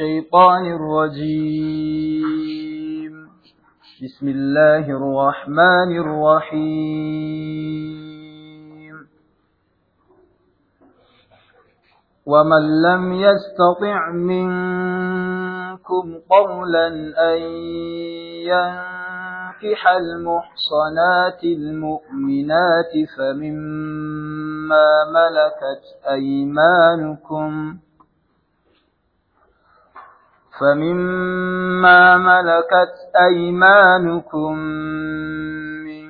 الشيطان الرجيم بسم الله الرحمن الرحيم ومن لم يستطع منكم قولا أن ينكح المحصنات المؤمنات فمما ملكت أيمانكم فمما ملكت أيمانكم من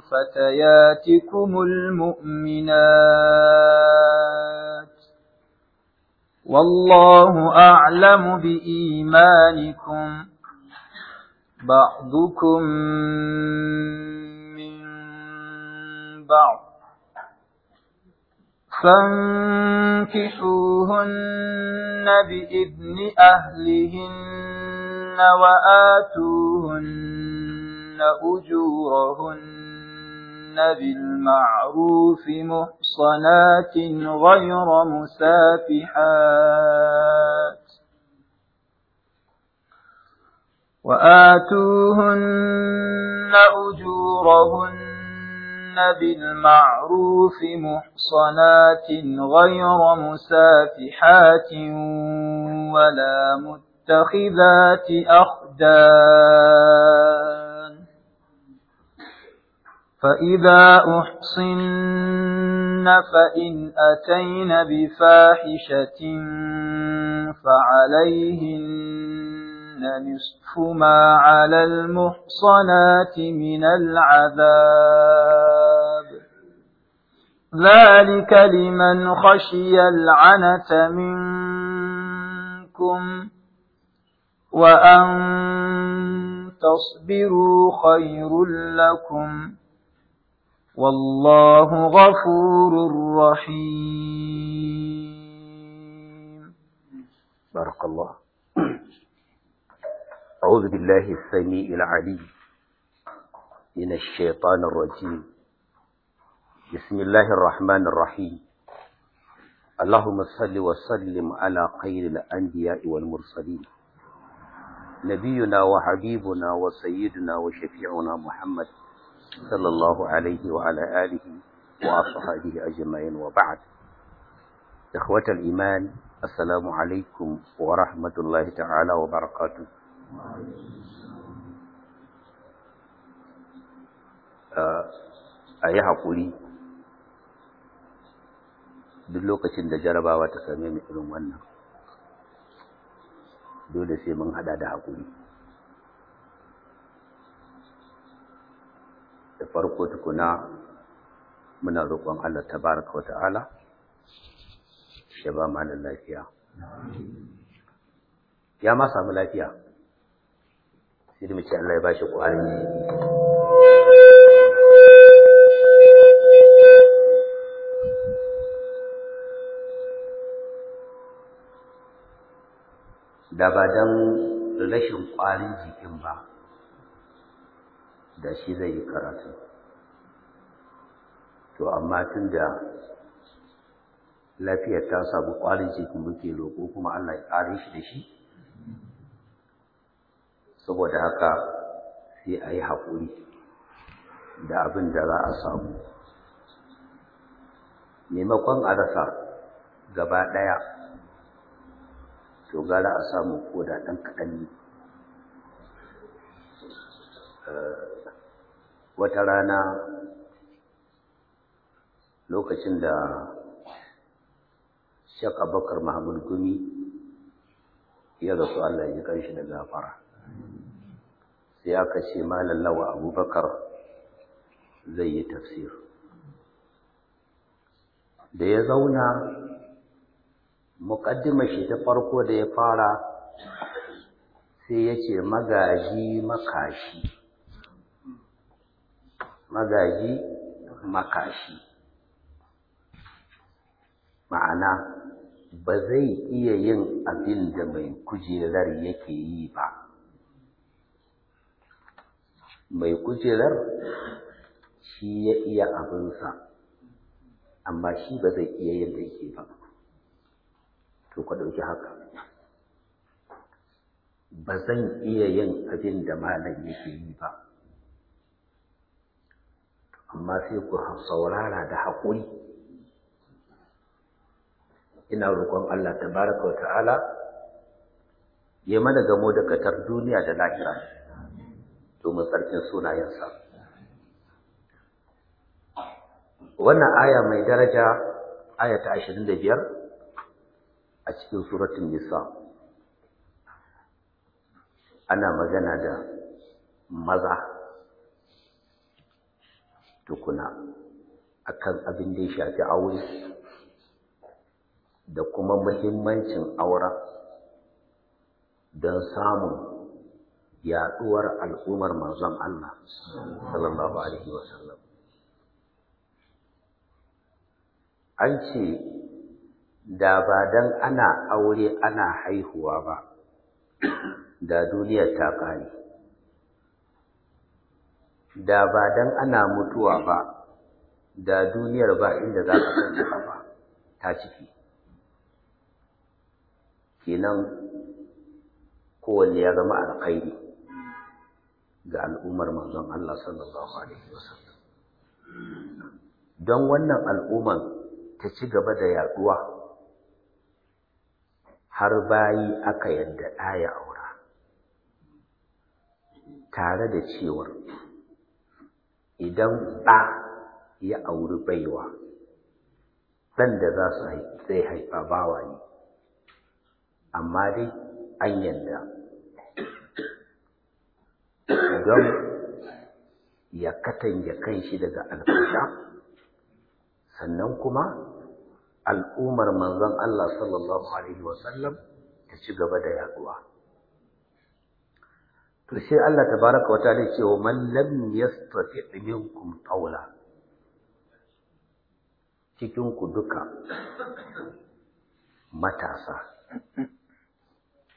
فتياتكم المؤمنات والله أعلم بإيمانكم بعضكم من بعض فانكحوهن بإذن أهلهن وآتوهن أجورهن بالمعروف محصنات غير مسافحات وآتوهن أجورهن بالمعروف محصنات غير مسافحات ولا متخذات أخدان فإذا أحصن فإن أتين بفاحشة فعليهن نصف ما على المحصنات من العذاب ذلك لمن خشي العنة منكم وأن تصبروا خير لكم والله غفور رحيم بارك الله أعوذ بالله السميع العليم من الشيطان الرجيم بسم الله الرحمن الرحيم اللهم صل وسلم على خير الأنبياء والمرسلين نبينا وحبيبنا وسيدنا وشفيعنا محمد صلى الله عليه وعلى آله وأصحابه أجمعين وبعد إخوة الإيمان السلام عليكم ورحمة الله تعالى وبركاته Uh, a yi haƙuri duk lokacin da jarabawa ta same mu irin wannan dole sai mun hada da haƙuri da farko tukuna muna roƙon Allah ta baraka wa ta'ala ya ba mu lafiya ya ma samu lafiya sai mu Allah ya bashi ƙwarin da ba dan rashin ƙwarin jikin ba da shi zai yi karatu to amma tun da lafiyar ta sabu ƙwarin jikin muke roƙo kuma Allah ya ƙare shi da shi saboda haka sai a yi haƙuri da abin da za a samu maimakon a rasa gaba ɗaya to gara a samu ko da ɗan kaɗan ne eh, wata rana lokacin da Sheikh bakar Mahmud Gumi ya rasu Allah ya ji ƙarshe da gafara sai aka ce malam lawa abubakar zai yi tafsir da ya zauna muƙaddimar shi ta farko da ya fara sai ya ce magaji makashi magaji makashi ma'ana ba zai iya yin abin da mai kujerar yake yi ba mai kujerar shi ya iya abinsa amma shi ba zai iya yadda yake ba to ka ɗauki haka ba zan iya yin abin da malam yake yi ba amma sai ku saurara da hakuri. ina roƙon Allah tabaraka wa ta'ala ya mana gamo da katar duniya da lahira domin tsarkin sunayensa wannan aya mai daraja aya ta biyar a cikin suratun nisa ana magana da maza tukuna akan abin da ya shafi aure da kuma muhimmancin aura don samun Yaɗuwar al'ummar manzon Allah sallallahu alaihi wa sallam. an ce da ba dan ana aure ana haihuwa ba da duniyar ta kare da ba dan ana mutuwa ba da duniyar ba inda za ka san ba ta ciki kenan kowanne ya zama alkhairi ga al'ummar manzon Allah sallallahu alaihi wasallam don wannan al'ummar ta ci gaba da yaduwa har bayi aka yadda ɗaya aura tare da cewar idan ba ya auri baiwa ɗan da za su zai haifa bawa ne amma dai an yadda don ya katange kanshi daga alfasha sannan kuma al'ummar manzon Allah sallallahu alaihi wasallam ta ci gaba da yaduwa to sai Allah tabaraka wa ta'ala ce wa man lam yastati minkum tawla cikin ku duka matasa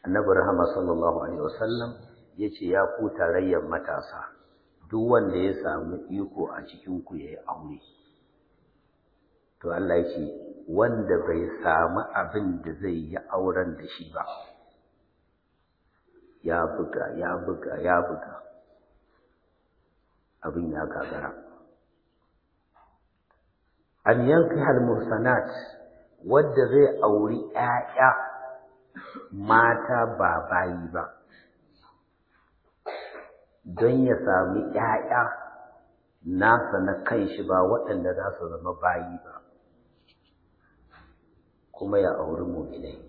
annabi rahama sallallahu alaihi wasallam yace ya ku tarayyar matasa duk wanda ya samu iko a cikin ku yayi aure to Allah yace wanda bai samu abin da zai yi auren da shi ba ya buga ya buga ya buga abin ya gagara an yanki al-muhsanat wadda zai auri 'ya'ya mata ba bayi ba don ya sami ‘ya'ya nasa na kan shi ba waɗanda za su zama bayi ba, kuma ya auri muminai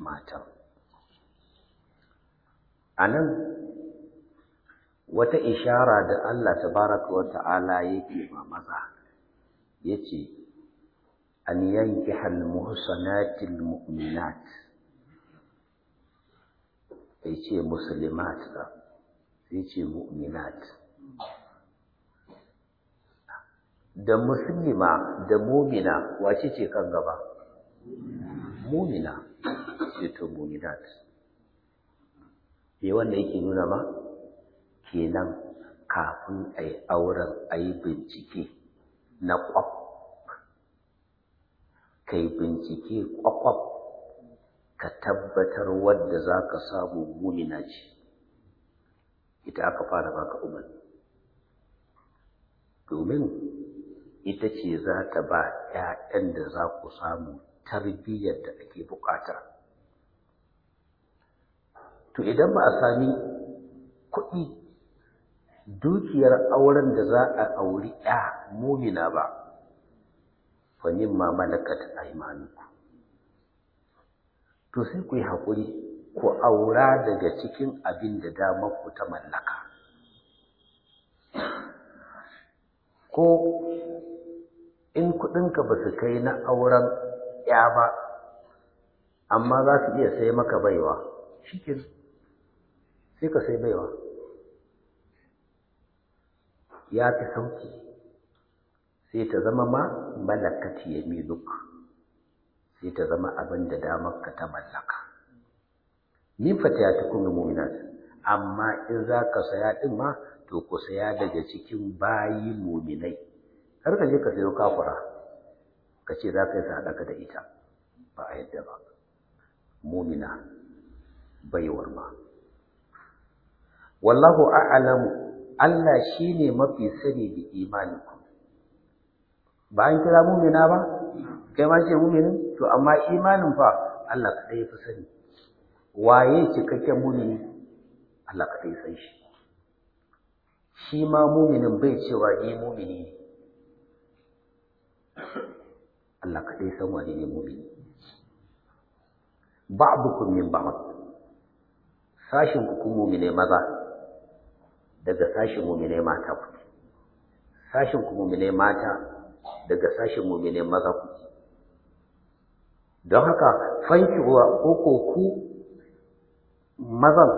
matan. A nan, wata ishara da Allah tabaraka wa ta'ala yake ma maza, ya ce, An yanki halmuhusanatil mu'minat, ya ce, Musulmat ba. sai ce mu'minat da muslima da mumina wace ce kan gaba mumina ce to mu'minat sai wanda yake nuna ma kenan kafin a yi auren a yi bincike na kwaf ka yi bincike kwakwaf ka tabbatar wadda za ka samu mumina ce ita aka fara baka umar? domin ita ce za ta ba ƴaƴan da za ku samu tarbiyyar da ake buƙata. To idan ba a sami kuɗi dukiyar auren da za a auri ƴa mumina ba, fa nimma malakat aimanuku. To sai ku yi haƙuri ku aura daga cikin abin da damar ku ta mallaka ko in kuɗinka ba su kai na auren ya ba amma za su iya sai maka baiwa shi sai ka sai baiwa ya fi sauki sai ta zama ma malakati ya duk sai ta zama abin da damar ka ta mallaka min fatayatukum mu'minat amma in za ka saya din ma to ku saya daga cikin bayi mu'minai kar ka je ka sayo kafura ka ce za ka yi sadaka da ita ba a yadda ba mu'mina baiwar ma wallahu a'lam Allah shine mafi sani da ku ba an kira mu'mina ba kai ma ce mu'minin to amma imanin fa Allah kadai ya fi sani waye cikakken mumini Allah ka dai san shi shi ma muminin bai cewa ni mumini Allah ka dai san wani ne mumini ba'dukum min ba'd sashin ku mumine maza daga sashin mumine mata ku sashin ku mumine mata daga sashin mumine maza ku don haka fankiwa ko ku mazan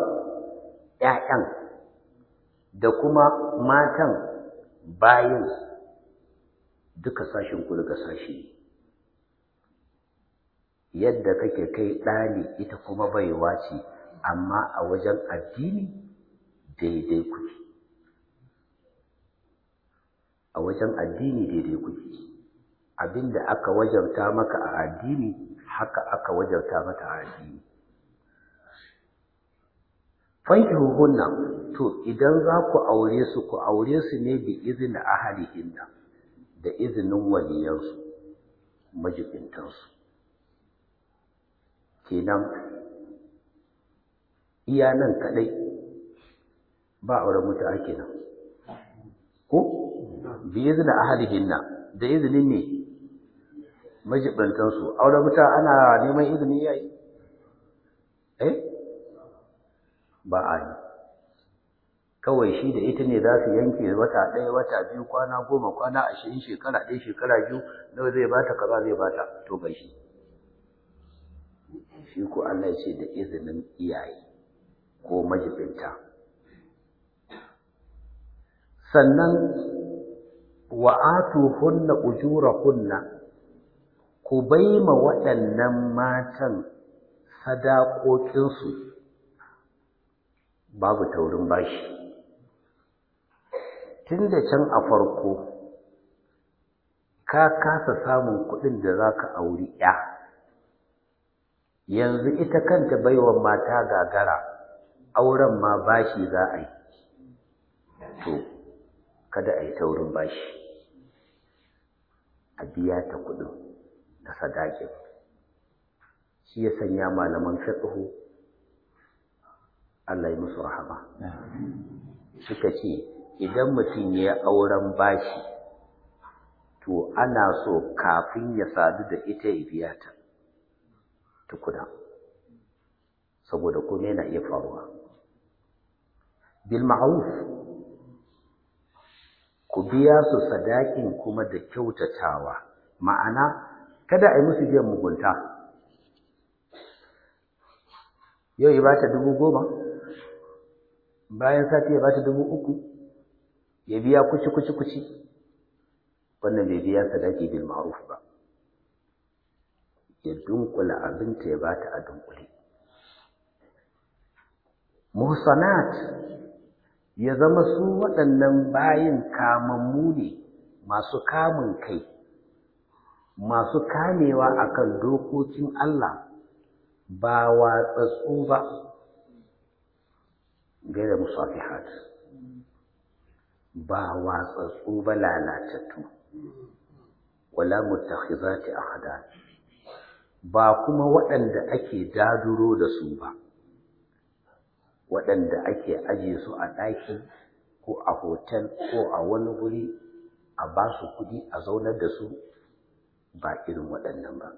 ‘ya'yan da kuma matan bayan duka sashin ku daga sashi yadda kake kai ɗani ita kuma baiwa ce amma a wajen addini daidai kuke a wajen addini daidai kuke abinda aka wajarta maka a addini haka aka wajarta mata a addini fankihuhunna to idan za ku aure su ku aure su ne bi izini ahalihinna da izinin waliyansu majibintansu kenan iya nan kaɗai ba auren ake kenan ko bi izini ahalihinna da izinin ne majibintansu auren mutu'a ana neman izinin yayi eh ba a yi kawai shi da ita ne za su yanke wata ɗaya wata biyu kwana goma kwana ashirin shekara ɗaya shekara biyu nawa zai bata kaza zai bata to ba shi shi ko Allah ya ce da izinin iyaye ko majibinta sannan wa ujura-hunna ku baima waɗannan matan sadaƙoƙinsu babu taurin bashi tun da can a farko ka kasa samun kuɗin da za ka auri ya yanzu ita kanta baiwa mata gagara auren ma bashi za a yi to kada a yi taurin bashi a biya ta kuɗin na sadakin shi ya sanya malaman fiqhu Allah ya musu rahama suka ce idan mutum ya auren bashi to ana so kafin ya sadu da ita ya biya ta tukuna saboda kome na iya faruwa bil ku biya su sadakin kuma da kyautatawa ma'ana kada a yi musu biyan mugunta yau ya ta dubu goma bayan sati ya bata dubu uku ya biya kuci kuci kuci wannan bai biya sadaki bil ma'ruf ba ya dunkula abinta ya bata a dunkule muhsanat ya zama su waɗannan bayin kamammu ne masu kamun kai masu kamewa akan dokokin Allah ba watsatsu ba gaira musafihat ba watsatsu ba lalatattu wala mutakhizati ahada ba kuma waɗanda ake daduro da su ba waɗanda ake aje su a ɗaki ko a hotel ko a wani guri a ba su kuɗi a zaunar da su ba irin waɗannan ba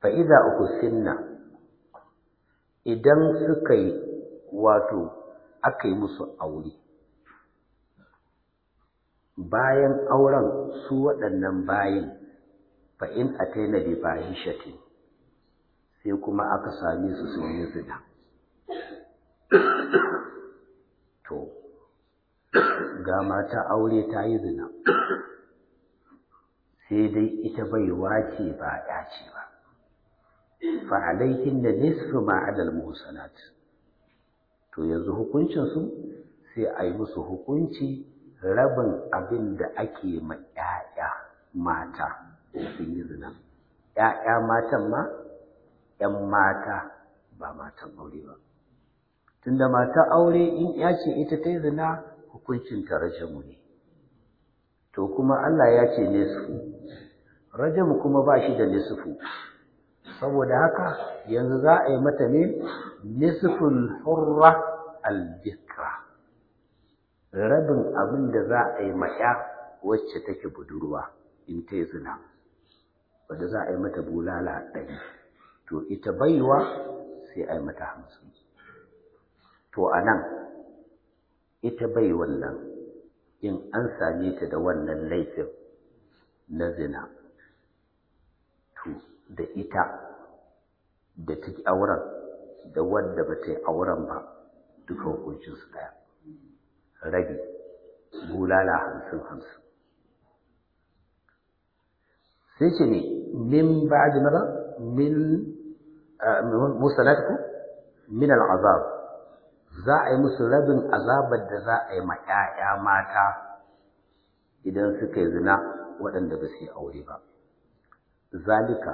fa'iza uku sinna idan suka yi wato aka yi musu aure bayan auren su waɗannan bayin ba in ataina bayan fahishatin sai kuma aka sami su sun yi zina to ga mata aure ta yi zina sai dai ita bai wake ba ya ce ba فعليهن نصف ما عدا المحصنات to yanzu hukuncin su sai a yi musu hukunci rabin abin da ake ma ‘ya'ya mata sun yi zina ‘ya'ya matan ma ‘yan mata ba matan aure ba tunda matan aure in ya ce ita ta yi zina hukuncin ta rajamu ne to kuma Allah ya ce nisfu rajamu kuma ba shi da nisfu saboda haka yanzu za a yi mata ne nisful hurra aljikra rabin abin da za a yi maya wacce take budurwa in ta zina wadda za a yi mata bulala ɗari to ita baiwa sai a yi mata hamsin to a nan ita bai wannan in an same ta da wannan laifin na zina da ita da ta ki auren da wanda ba ta yi auren ba duka hukuncin su daya rabi bulala hamsin hamsin sai ce ne min ba da mara min eh, musalatku min al'azab za a yi musu rabin azabar da za a yi ma 'ya'ya mata idan suka yi zina waɗanda ba su yi aure ba zalika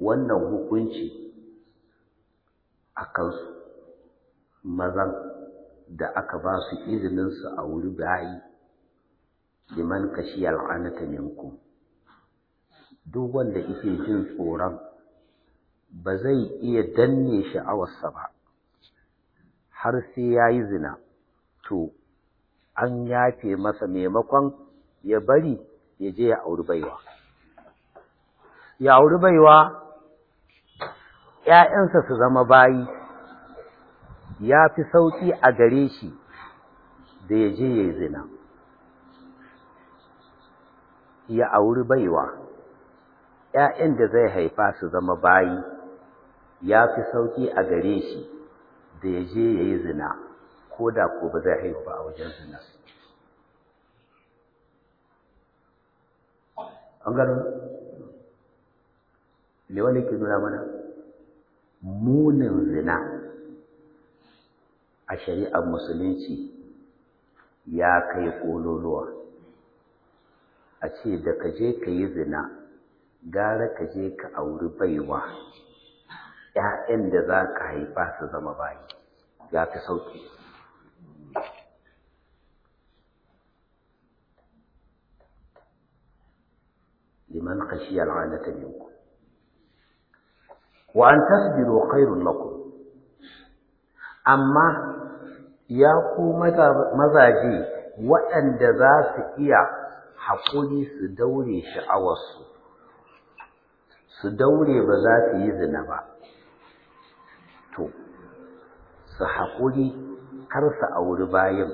wannan hukunci a kansu mazan da aka ba su izininsu a wuri bayi liman kashiyar anata minku duk wanda yake jin tsoron ba zai iya danne sha'awarsa ba har sai ya yi zina to an yafe masa maimakon ya bari ya je ya auri baiwa ya auri baiwa ‘ya'yansa su zama bayi, ya fi sauƙi a gare shi da ya je ya zina, ya auri baiwa, ‘ya'yan da zai haifa su zama bayi, ya fi sauƙi a gare shi da ya je ya yi zina, ko da ko ba zai haifa a wajen zina. An gano, wani ke nuna mana? munin zina a shari'ar musulunci ya kai ƙololuwa a ce da ka je ka yi zina gara ka je ka auri baiwa ‘ya'yan da za ka haifa su zama bayi ya fi sauƙi liman khashiya ta minku wa an tasbiru khairul lakum amma ya ku mazaje waɗanda za su iya haƙuri su daure sha'awarsu su daure ba za su yi zina ba to su haƙuri kar su auri bayan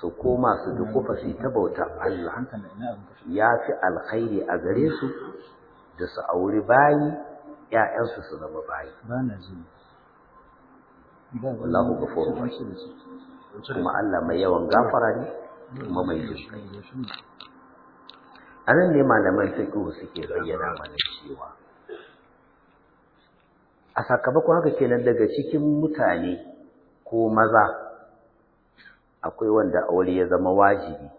su koma su dukufa su ta bautar Allah ya fi alkhairi a gare su da su auri bayi 'ya'yansu su zama bayi ji kuma Allah mai yawan gafara ne kuma mai jinkai a nan ne malaman fiqh suke bayyana mana cewa a sakamakon haka kenan daga cikin mutane ko maza akwai wanda aure ya zama wajibi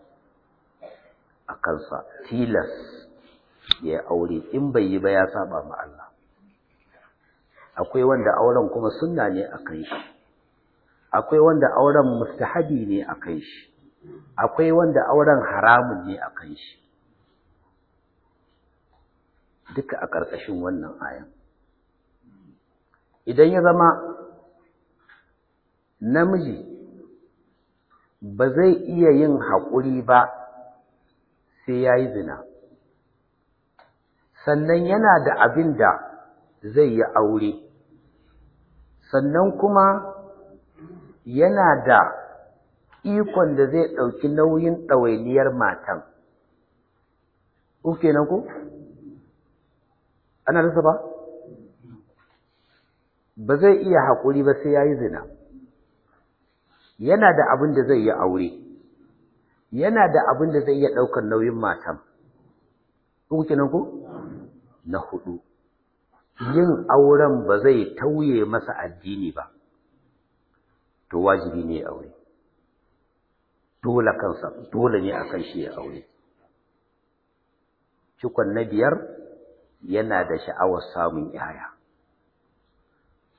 a kansa tilas ya aure in bai yi ba ya saba ma Allah akwai wanda auren kuma sunna ne a shi akwai wanda auren mustahabi ne a shi akwai wanda auren haramun ne a shi duka a ƙarƙashin wannan ayan idan ya zama namiji ba zai iya yin haƙuri ba sai ya yi zina sannan yana da abin da zai yi aure sannan kuma yana da ikon da zai ɗauki nauyin ɗawainiyar matan uke nan ko ana rasa ba ba zai iya haƙuri ba sai ya yi zina yana da abin da zai yi aure yana da abin da zai iya ɗaukar nauyin matan uke nan ko na huɗu. yin auren ba zai tauye masa addini ba to wajibi ne aure dole kansa dole ne akan shi ya aure cikon na biyar yana da sha'awar samun yaya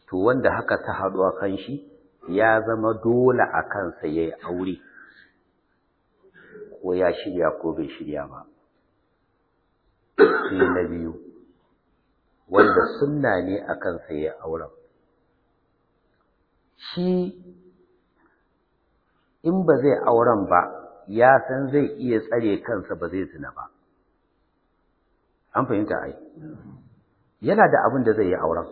to wanda haka ta haɗu a kan shi ya zama dole a kansa ya yi aure ko ya shirya ko bai shirya ba sai na biyu wanda sunna ne a kansa ya auren shi in ba zai auren ba ya san zai iya tsare kansa ba zai zina ba an fahimta ai yana da abin da zai yi auren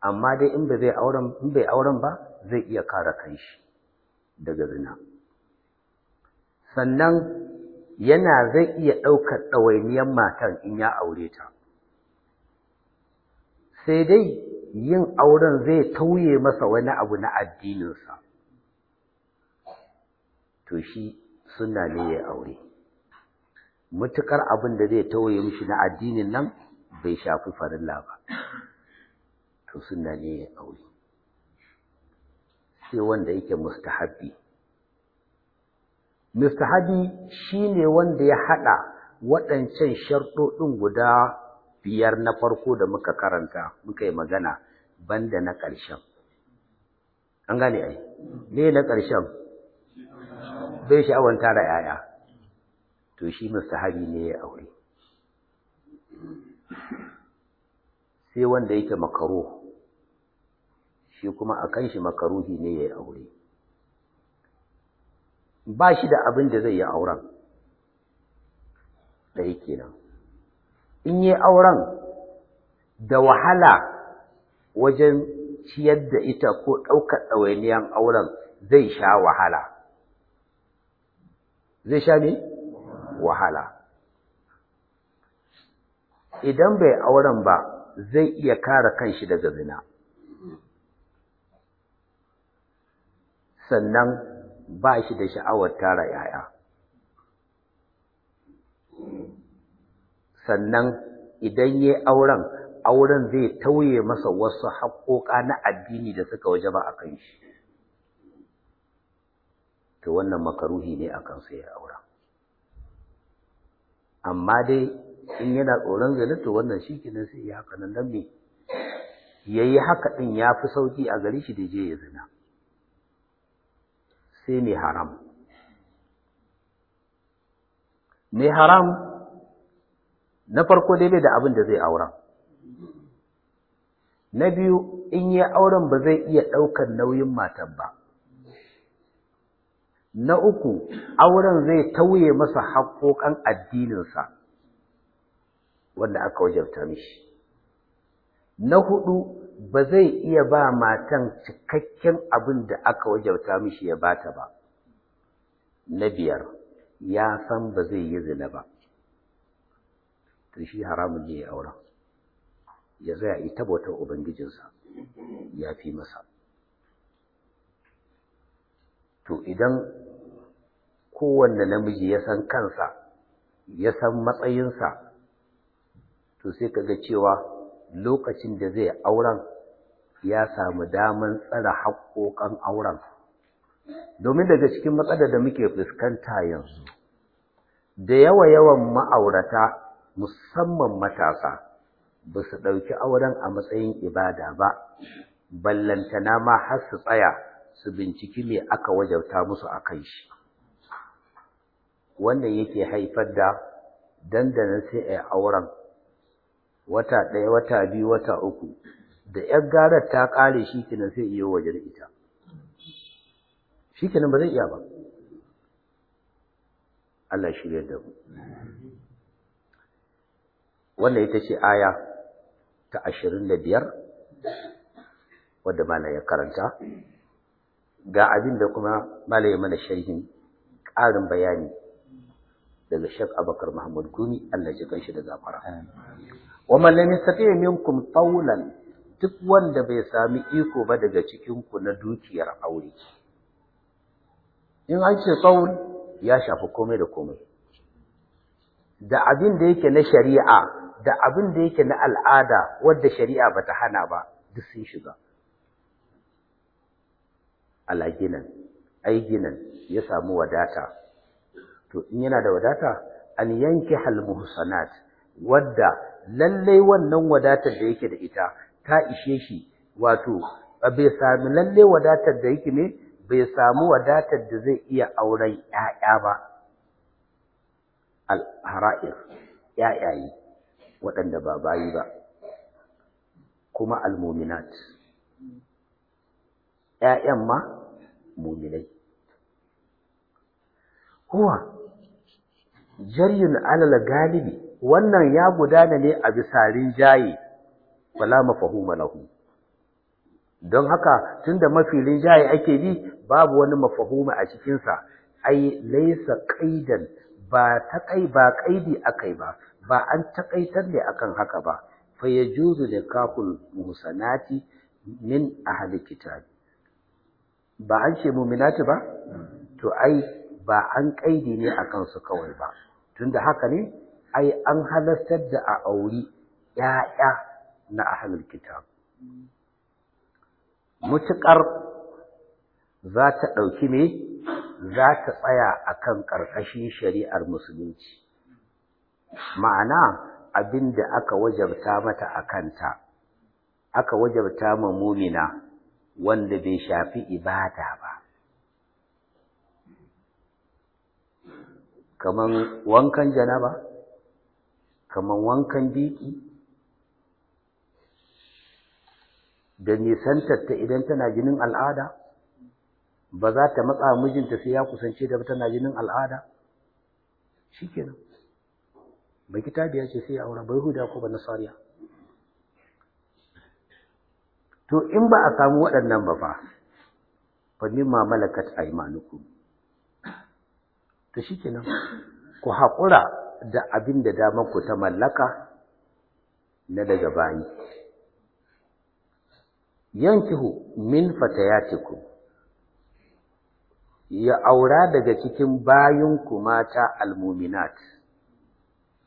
amma dai in ba zai auren in bai auren ba zai iya kare kanshi daga zina sannan yana zai iya ɗaukar ɗawainiyar matan in ya aure ta sai dai yin auren zai tauye masa wani abu na addininsa to shi suna ne ya aure mutukar abin da zai tauye mishi na addinin nan bai shafi farilla ba to suna ne ya aure sai wanda yake mustahabbi mustahabi shine wanda ya haɗa waɗancan sharɗoɗin guda biyar na farko da muka karanta muka yi magana banda na ƙarshen an gane ai me na ƙarshen bai sha'awar tara yaya to shi hari ne ya aure sai wanda yake makaro shi kuma a kan shi makaruhi ne ya aure ba shi da abin da zai yi auren ɗaya kenan in yi auren da wahala wajen ciyar da ita ko ɗaukar ɗawainiyan auren zai sha wahala. Zai sha ne? Wahala. Idan bai auren ba zai iya kare shi daga zina. Sannan ba shi da sha'awar tara ‘ya'ya. sannan idan yayi auren auren zai tauye masa wasu haƙoƙa na addini da suka wajaba a kan shi to wannan makaruhi ne akan sai ya aura amma dai in yana tsoron zina to wannan shikenan sai ya haka nan don me yayi haka din ya fi sauƙi a gari shi da je ya zina sai mai haram mai haram na farko dai da abin da zai aura na biyu in yi auren ba zai iya ɗaukar nauyin matan ba na uku auren zai tauye masa haƙoƙan addininsa wanda aka wajabta mishi na huɗu ba zai iya ba matan cikakken abin da aka wajabta mishi ya bata ba na biyar ya san ba zai yi zina ba Tashi haramun ne ya auren ya zaya yi tabbatar ubangijinsa ya fi masa to idan kowanne namiji ya san kansa ya san matsayinsa to sai kaga cewa lokacin da zai auren ya samu daman tsara haƙoƙan auren domin daga cikin matsalar da muke fuskanta yanzu da yawa yawan ma'aurata musamman matasa ba su ɗauki auren a matsayin ibada ba ballantana ma har su tsaya su binciki me aka wajauta musu a kai shi wannan yake haifar da dandana sai a auren wata ɗaya wata biyu wata uku da ‘yar garar ta ƙare shi kenan sai iya waje da ita shi kenan ba zai iya ba Allah shirya da mu Wanda ita ce aya ta ashirin da biyar wadda malam ya karanta ga abin da kuma mala ya mana sharhin ƙarin bayani daga Sheikh abubakar Mahmud Gumi Allah ji kanshi da zafara wa man lam yastati minkum tawlan duk wanda bai sami iko ba daga cikin ku na dukiyar aure in an ce tsawon, ya shafi komai da komai da abin da yake na shari'a da abin da yake na al'ada wadda shari'a bata hana ba duk sun shiga alaginan aiginan ya samu wadata to in yana da wadata an yanki hal wadda lallai wannan wadatar da yake da ita ta ishe shi wato bai sami lallai wadatar da yake ne bai samu wadatar da zai iya auren ƴaƴa ba al-hara'ir ƴaƴaye waɗanda ba bayi ba kuma almominat, ‘ya'yan ma muminai huwa jaryun alal galibi wannan ya gudana ne a bisarin jaye wala mafahuma lahu don haka tunda mafi jaye ake bi babu wani mafahuma a cikinsa ai laisa ƙa'idan, ba ta kai ba qaidi akai ba ba an taƙaitar ne akan haka ba fa ya da nikahul musanati min ahli kitab ba an ce mu'minati ba to ai ba an kaidi ne akan su kawai ba tunda haka ne ai an halartar da a auri 'ya'ya na ahlul kitab mutuƙar za ta ɗauki ne za ta tsaya akan ƙarƙashin shari'ar musulunci ma'ana abin da aka wajabta mata a kanta aka wajabta ma mumina wanda bai shafi ibada ba kaman wankan janaba kaman wankan biki da ta idan tana jinin al'ada ba za ta matsa mijinta sai ya kusance da tana jinin al'ada shikenan bai kitabiya ce sai ya aura bai huda ko ba nasariya to in ba a samu waɗannan ba fa fa mimma malakat aymanukum to shikenan ku haƙura da abin da damar ku ta mallaka na daga bayi yankihu min fatayatikum ya aura daga cikin bayan ku mata almuminat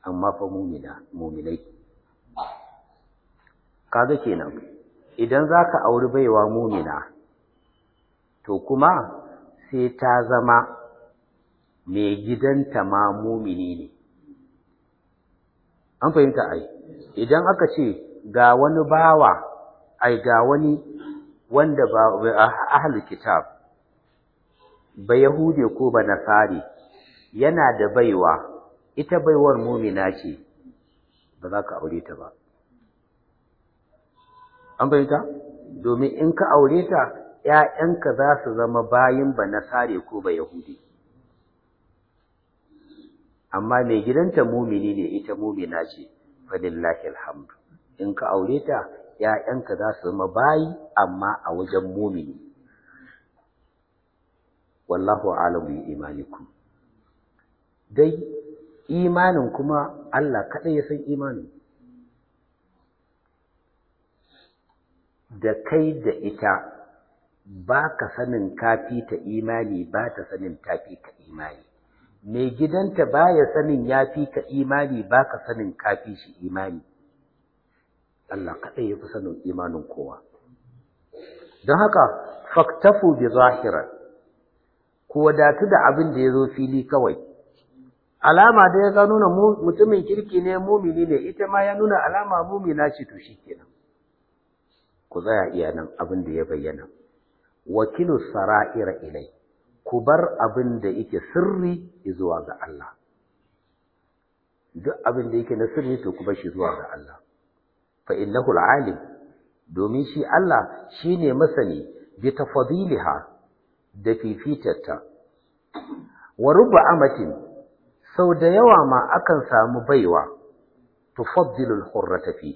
amma fa mumina muminai kaga kenan idan zaka auri baiwa mumina to kuma sai ta zama mai gidanta ma mumini ne an fahimta ai idan aka ce ga wani bawa ai ga wani wanda ba ahlul kitab ba yahude ko ba nasari yana da baiwa ita baiwar mumina ce ba za ka aure ta ba an ta? domin in ka aure ta ƴaƴanka za su zama bayin ba na sare ko ba yahudi amma mai gidanta mumini ne ita mumina ce fadillahi alhamdu in ka aure ta ƴaƴanka za su zama bayi amma a wajen mumini wallahu alamu imanikum dai imanin kuma Allah kaɗai ya san imanin da kai da ita ba ka sanin kafi ta imani ba ta sanin tafi ka imani mai gidanta ba ya sanin ya fi ka imani ba ka sanin kafi shi imani Allah kaɗai ya fi sanin imanin kowa don haka faktafu bi zahira ku wadatu da abin da ya zo fili kawai alama da ya gano nuna mutumin kirki ne mumini ne ita ma ya nuna alama mumina ce to shikenan ku tsaya iya nan abin da ya bayyana wakilu sara'ira ilai ku bar abin da yake sirri zuwa ga Allah duk abin da yake na sirri to ku bar shi zuwa ga Allah fa innahu alim domin shi Allah shine masani bi tafadiliha da fifitarta wa rubba amatin sau da yawa ma akan samu baiwa tufaddilul hurrata fi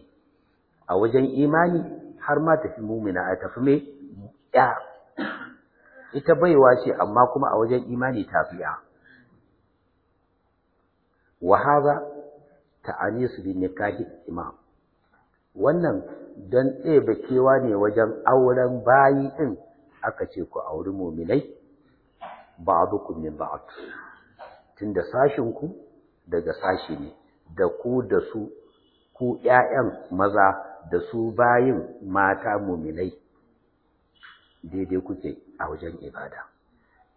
a wajen imani har ma tafi mumina a tafi me ya ita baiwa ce amma kuma a wajen imani tafi ya wa hadha ta'anisu bi nikahi imam wannan don ɗebe kewa ne wajen auren bayi ɗin aka ce ku auri muminai ba'dukum min ba'd tunda sashin ku daga sashi ne da ku da su ku ƴaƴan maza da su bayin mata muminai daidai kuke a wajen ibada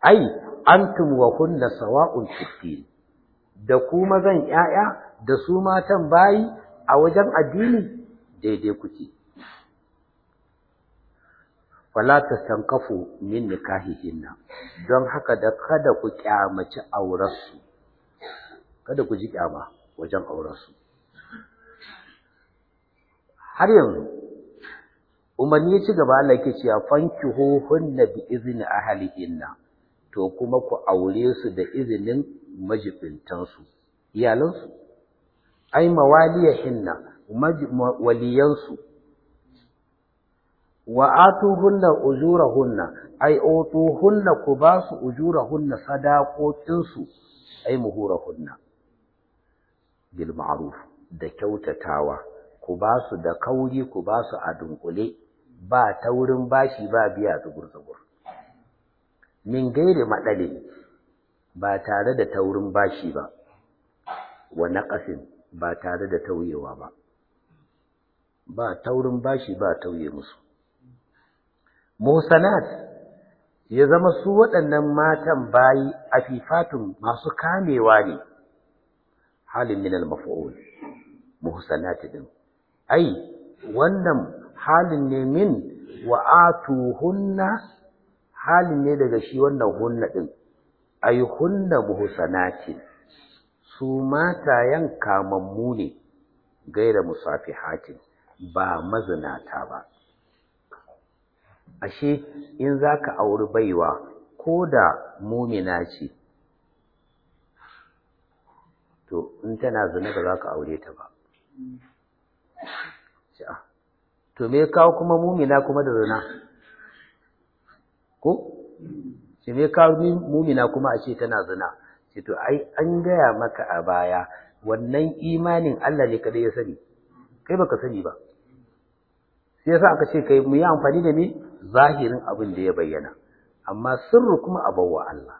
ai antum wa kunna sawa'un fi da ku mazan ƴaƴa da su matan bayi a wajen addini daidai kuke fala tastanqafu min nikahihinna don haka da kada ku kyamaci aurarsu kada ku ji kyama wajen aurarsu har yanzu umarni ya ci gaba Allah yake cewa fankihu hunna bi izni Inna, to kuma ku aure su da izinin majibintansu iyalansu ai mawaliyahinna waliyansu wa atuhunna ujurahunna ai utuhunna ku basu su ujurahunna sadaqotin su muhurahunna bil ma'ruf da kyautatawa ku basu da kauri ku basu a dunkule ba taurin bashi ba biya zugur zugur min gairi madale ba tare da taurin bashi ba wa naqasin ba tare da tauyewa ba ba taurin bashi ba tauye musu muhsanat ya zama su waɗannan matan bayi afifatun masu kamewa ne halin min al-maf'ul muhsanat din ai wannan halin ne min wa hunna? halin ne daga shi wannan hunna din ai hunna muhsanatin su mata yanka kamammu ne gaira hatin. ba mazinata ba ashe in zaka auri baiwa ko da mumina ce to in tana zina ba za ka aure ta ba to me kawo kuma mumina kuma da zina ko ce me kawo mumina kuma a ce tana zina ce to ai an gaya maka a baya wannan imanin Allah ne kadai ya sani kai baka sani ba sai yasa aka ce kai mu yi amfani da ni? zahirin abin da ya bayyana amma sirru kuma a bawa Allah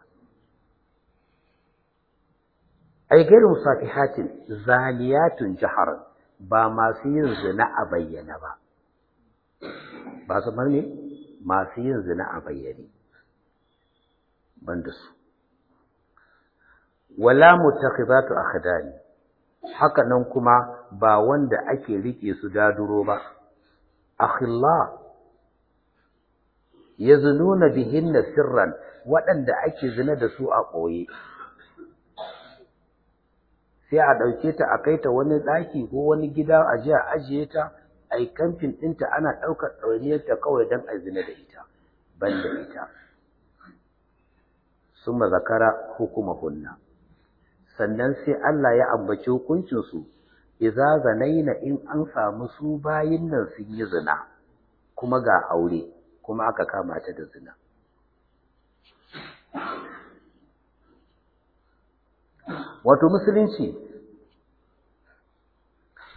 ai gairu musafihatin zaliyatun jahar ba masu yin zina a bayyana ba ba su ne masu yin zina a bayyane da su wala mutakhidatu akhdani haka nan kuma ba wanda ake rike su daduro ba akhillah bihin bihinna sirran waɗanda ake zina da su a ɓoye sai a ɗauke ta a kai ta wani ɗaki ko wani gida a je a ajiye ta a yi kamfin ɗinta ana ɗaukar ɗauniyar ta kawai don a zina da ita ban da ita sun zakara hukuma hunna sannan sai Allah ya ambaci hukuncinsu iza zanaina in an samu su bayin nan sun yi zina kuma ga aure kuma aka kama ta da zina wato musulunci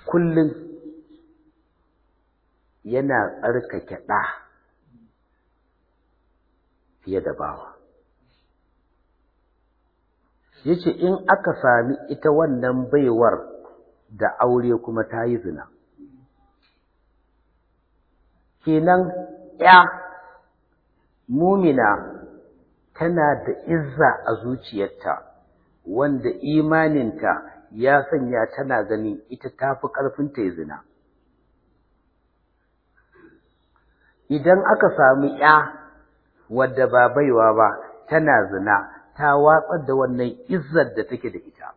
kullum yana tsarkake ɗa fiye da bawa yace in aka sami ita wannan baiwar da aure kuma ta yi zina kenan ya mumina tana da izza a zuciyarta wanda imaninta ya sanya tana gani ita tafi ƙarfin ta zina idan aka sami ya wadda ba baiwa ba tana zina ta watsar da wannan izzar da take da ita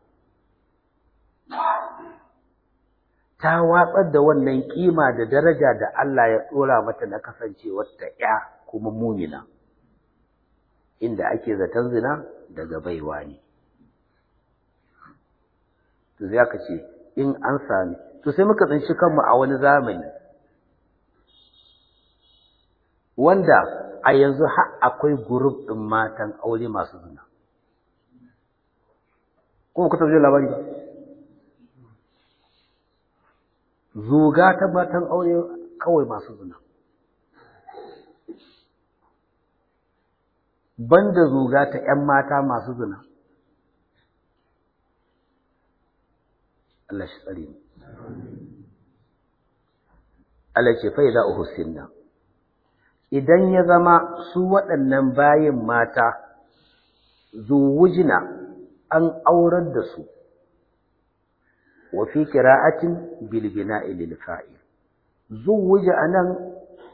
ta watsar da wannan kima da daraja da Allah ya dora mata na kasancewar ta ya kuma mumina inda ake zaton zina daga baiwa ne to sai aka ce in an sami to sai muka tsinci kanmu a wani zamani wanda a yanzu har akwai gurub ɗin matan aure masu zina ko ku tafi labari zuga ta matan aure kawai masu zina banda zuga ta ƴan mata masu zina Allah shi tsare Allah ce fa idza uhsinna idan ya zama su waɗannan bayin mata zuwujina an aurar da su wa fi qira'atin bil bina'i lil fa'il zuwija anan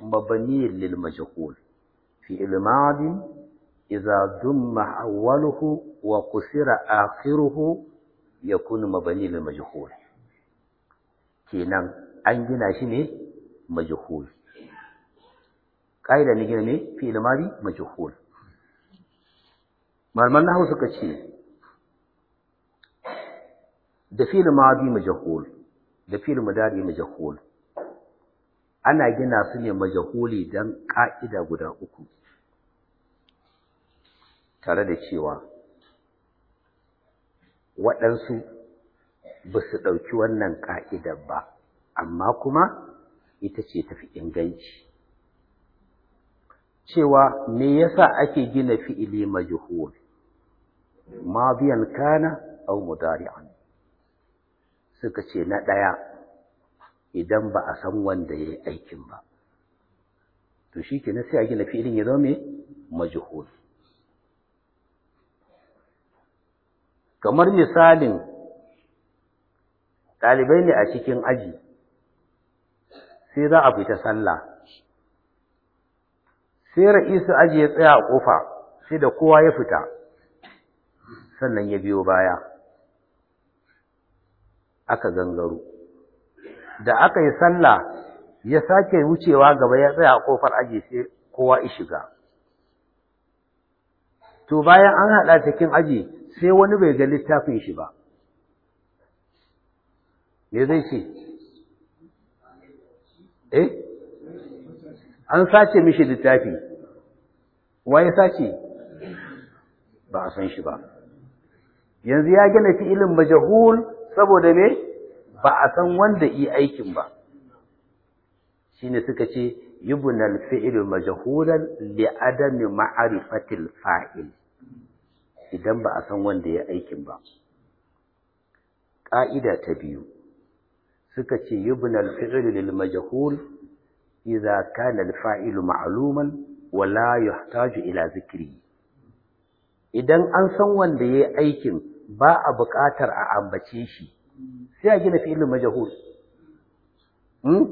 mabani lil majhul fi'l madi idza dumma awwaluhu wa qusira akhiruhu yakunu mabani lil majhul kenan an gina shi ne majhul kaida ne gina ne fi'l madi majhul malaman nahwu suka ce da fi'il madi majhul da fi'il majhul ana gina su ne majhuli dan ka'ida guda uku tare da cewa waɗansu ba su ɗauki wannan ƙa'idar ba amma kuma ita ce tafi inganci cewa me yasa ake gina fi'ili majhul madiyan kana aw mudari'an suka ce na ɗaya idan ba a san wanda ya yi aikin ba to shi ke sai a gina filin ya zama mai kamar misalin ɗalibai ne a cikin aji sai za a fita sallah sai ra'isu aji ya tsaya a ƙofa sai da kowa ya fita sannan ya biyo baya aka gangaro da aka yi sallah ya sake wucewa gaba ya tsaya a kofar aji sai kowa ya shiga to bayan an haɗa cikin aji sai wani bai ga littafin shi ba me zai ce eh an sace mishi littafi waye sace ba a san shi ba yanzu ya gina fi'ilin majhul saboda me ba a san wanda yi aikin ba shi ne suka ce yubnal fi'il majhulan li adami ma'arifatil fa'il idan ba a san wanda ya aikin ba ƙa'ida ta biyu suka ce yubnal fi'lu lil majhul idza kana fa'il fa'ilu ma'luman wa yahtaju ila zikiri, idan an san wanda ya aikin ba a buƙatar a ambace shi sai a gina fi'ilin majhul hmm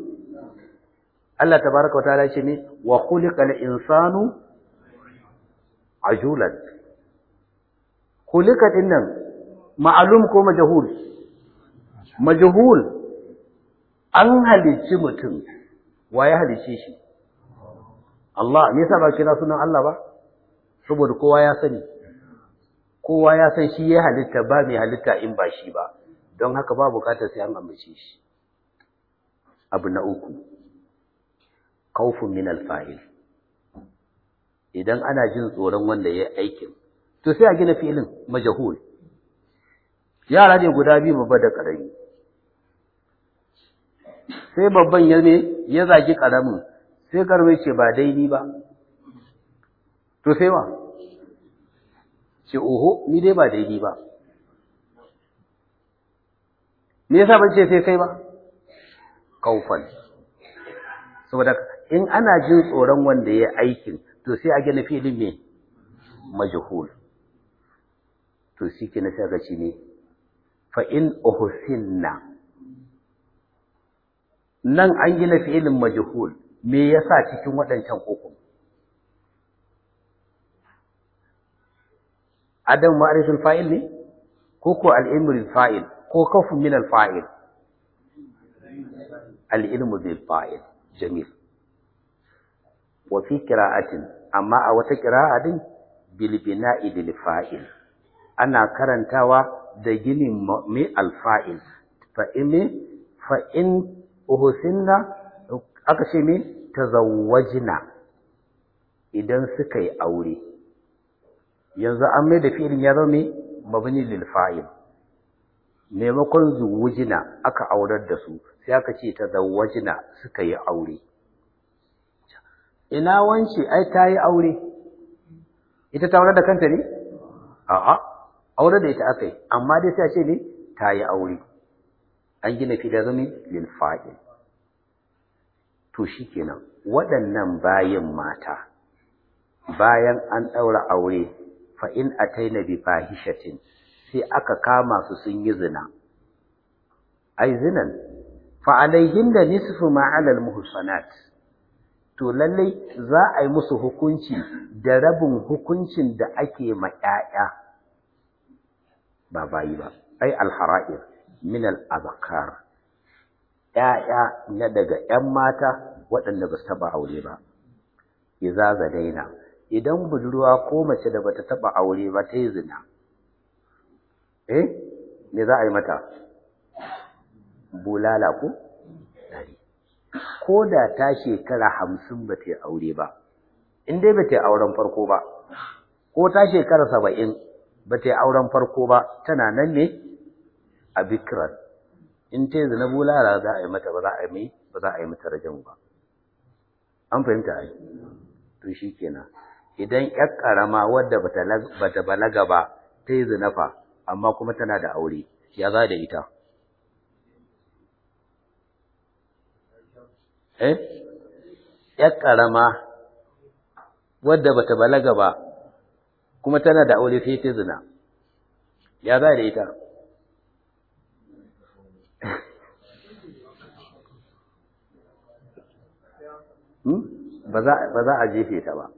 Allah tabaraka wa ta'ala ce ne wa al insanu ajulan khuliqa dinnan ma'lum ko majhul majhul an halicci mutum wa ya halicce shi Allah me yasa ba kina sunan Allah ba saboda kowa ya sani kowa ya san shi ya halitta ba mai halitta in ba shi ba don haka ba bukatar sai an amince shi abu na uku kaufin min alfa'il idan ana jin tsoron wanda ya aikin to sai a gina filin majahul yara ne guda biyu babba da karami sai babban ya ne ya zagi karamin sai karbe ce ba daidai ba to sai wa ce oho ni dai ba daidai ba me yasa ban ce sai kai ba kaufan saboda in ana jin tsoron wanda ya aikin to sai a gina filin me majhul to shi ke na sai shi ne fa in uhsinna nan an gina filin majhul me yasa cikin waɗancan uku adam ma'arifin fa'il ne ko ko al'ilmu fa'il ko kafin min al-fa'il al'ilmu bil fa'il jamil wa fi amma a wata qira'a din bil bina'i ana karantawa da ginin mi al-fa'il fa in fa idan suka yi aure yanzu an mai da fi'ilin ya zama mai mabni lil fa'il maimakon zuwujina aka aurar da su sai aka ce ta zawwajina suka yi aure ina wance ai ta yi aure ita ta aurar da kanta ne a'a aurar da ita aka yi amma dai sai a ce ne ta yi aure an gina fi da zama lil fa'il to shikenan waɗannan bayan mata bayan an ɗaura aure fa in ataina bi fahishatin sai aka kama su sun yi zina ai zinan fa da nisfu ma ala muhsanat to lalle za a yi musu hukunci da rabin hukuncin da ake ma ƴaƴa ba bayi ba ai al min al abkar ƴaƴa na daga 'yan mata waɗanda ba su taɓa aure ba iza zadaina idan budurwa ko mace da bata taba aure ba ta yi zina eh me za a yi mata bulala ko dare ko da ta shekara hamsin ba ta yi aure ba in dai ba ta yi auren farko ba ko ta shekara saba'in ba ta yi auren farko ba tana nan ne a bikiran in ta yi zina bulala za a yi mata ba za a yi ba za a yi mata rajin ba an fahimta ai to shikenan idan ƴar ƙarama wadda bata balaga ba ta yi zinafa amma kuma tana da aure ya za da ita eh ƴar ƙarama wadda bata balaga ba kuma tana da aure sai ta zina ya za da ita hmm? ba za a jefe ta ba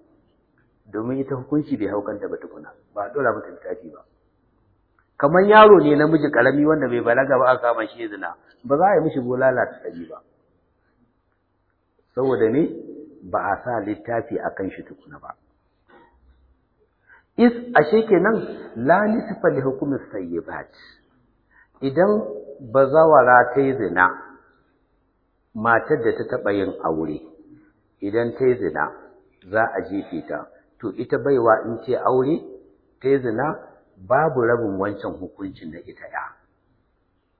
domin ita hukunci bai hau kanta ba tukuna ba a dora mata littafi ba kamar yaro ne miji karami wanda bai balaga ba a kama shi zina ba za a yi mishi bulala ta tsabi ba saboda ne ba a sa littafi a kan shi tukuna ba is ashe kenan la nisfa li hukmi sayyibat idan bazawara ta yi zina matar da ta taɓa yin aure idan ta yi zina za a jefe ta to ita baiwa in ce aure ta zina babu rabin wancan hukuncin na ita ya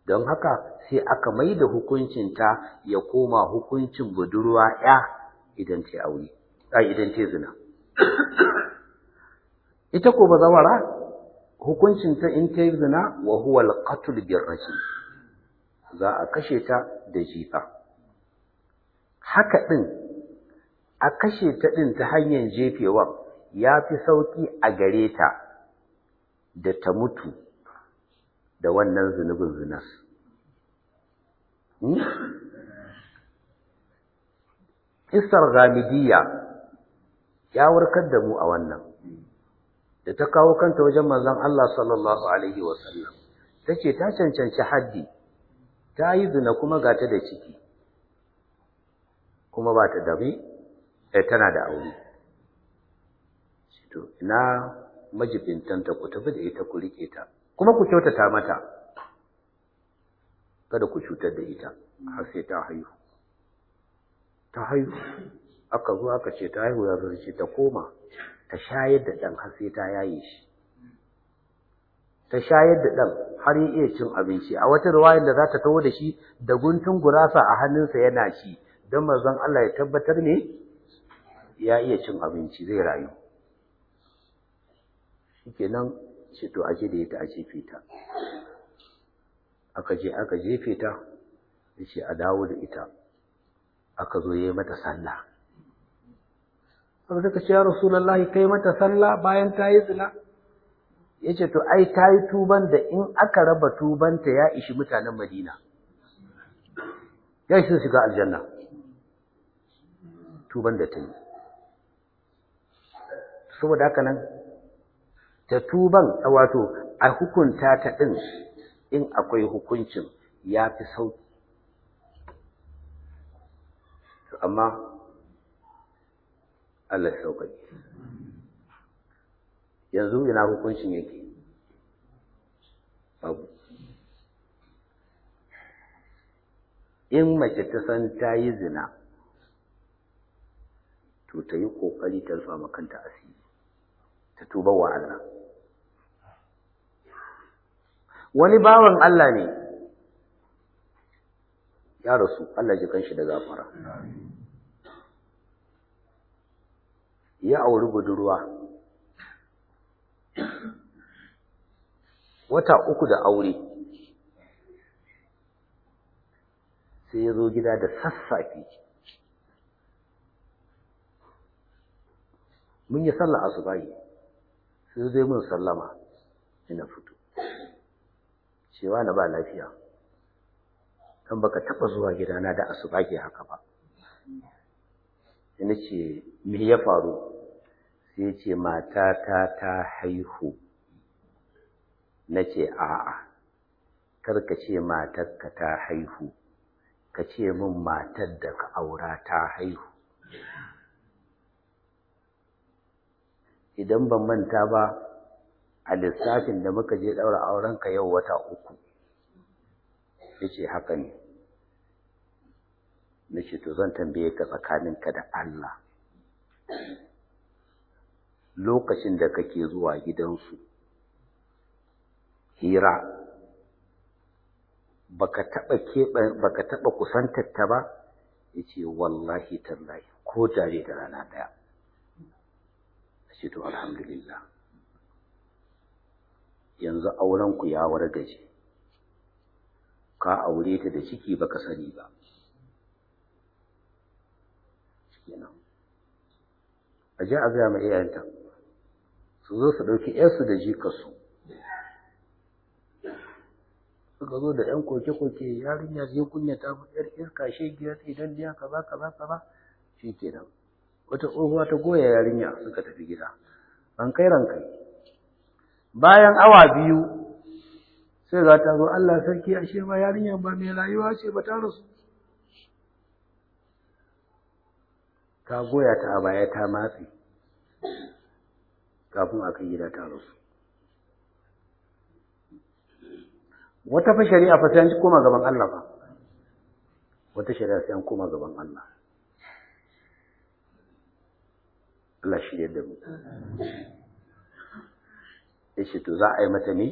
don haka sai aka mai da ta ya koma hukuncin budurwa ya idan ce aure a idan ce zina ita ko ba bazawara hukuncinta in ta yi zina wa huwa alqatl rashi. za a kashe ta da jifa haka din a kashe ta din ta hanyar jefewa ya fi sauƙi a gare ta da ta mutu da wannan zunubin zinas. Hmm? Kisar Ghamidiyya ya warkar da mu a wannan, da ta kawo kanta wajen manzon Allah sallallahu Alaihi wasallam, ta ce ta cancanci haddi, ta yi zina kuma gata da ciki, kuma ba ta dabi, eh, tana da aure. to ina majibintanta ku tafi da ita ku rike ta kuma ku kyautata mata kada ku cutar da ita har sai ta haihu ta haihu aka zo aka ce ta haihu yanzu ce ta koma ta shayar da ɗan har sai ta yaye shi ta shayar da ɗan har ya iya cin abinci a wata ruwayar da za ta taho da shi da guntun gurasa a hannunsa yana ci don manzon Allah ya tabbatar ne ya iya cin abinci zai rayu shikenan ce to aje da ita aje fita. aka je aka je fita yace a dawo da ita aka zo yayi mata sallah aka saka ce ya rasulullahi kai mata sallah bayan ta yi zina yace to ai ta yi tuban da in aka raba tubanta ya ishi mutanen Madina ya ishi shiga aljanna tuban da ta yi saboda haka nan ta tuban wato a hukunta ta din in akwai hukuncin ya fi sauki amma Allah sauƙaƙi yanzu ina hukuncin yake babu in mace ta san ta yi zina to ta yi ƙoƙari ta rufa ma asiri ta Allah wani bawan Allah ne ya rasu Allah ji kanshi da gafara ya auri budurwa wata uku da aure sai ya zo gida da sassafe mun yi sallah asubahi sai zai mun sallama ina fito cewa na ba lafiya kan baka taba zuwa gidana da asuba ke haka ba Ina ce me ya faru sai ce matata ta haihu nace a'a kar ka ce matarka ta haihu ka ce min matar da ka aura ta haihu idan ban manta ba a lissafin da muka je ɗaura aurenka yau wata uku yace haka ne nace to zan tambaye ka tsakaninka da Allah lokacin da kake zuwa gidansu hira baka taɓa keɓe baka taɓa kusantar ta ba yace wallahi tallahi ko tare da rana ɗaya sai to alhamdulillah yanzu auren ku ya wargaje ka aure ta da ciki baka sani ba a je a ga mai iyayenta su zo su ɗauki ‘yarsu da jikasu suka zo da ‘yan koke-koke yarinya zai kunya ta ‘yar iska giya idan da kaza kaza kaza shi kenan wata tsohuwa ta goya yarinya suka tafi gida ban kai ranka bayan awa biyu sai za ta zo Allah sarki ashe ba yarinya ba mai rayuwa ce ba ta rasu ta goya ta a baya ta matse kafin a kai gida ta rasu wata fa shari'a fa sai an koma gaban Allah fa wata shari'a sai an koma gaban Allah Allah shirya da mu yace to za a yi mata ne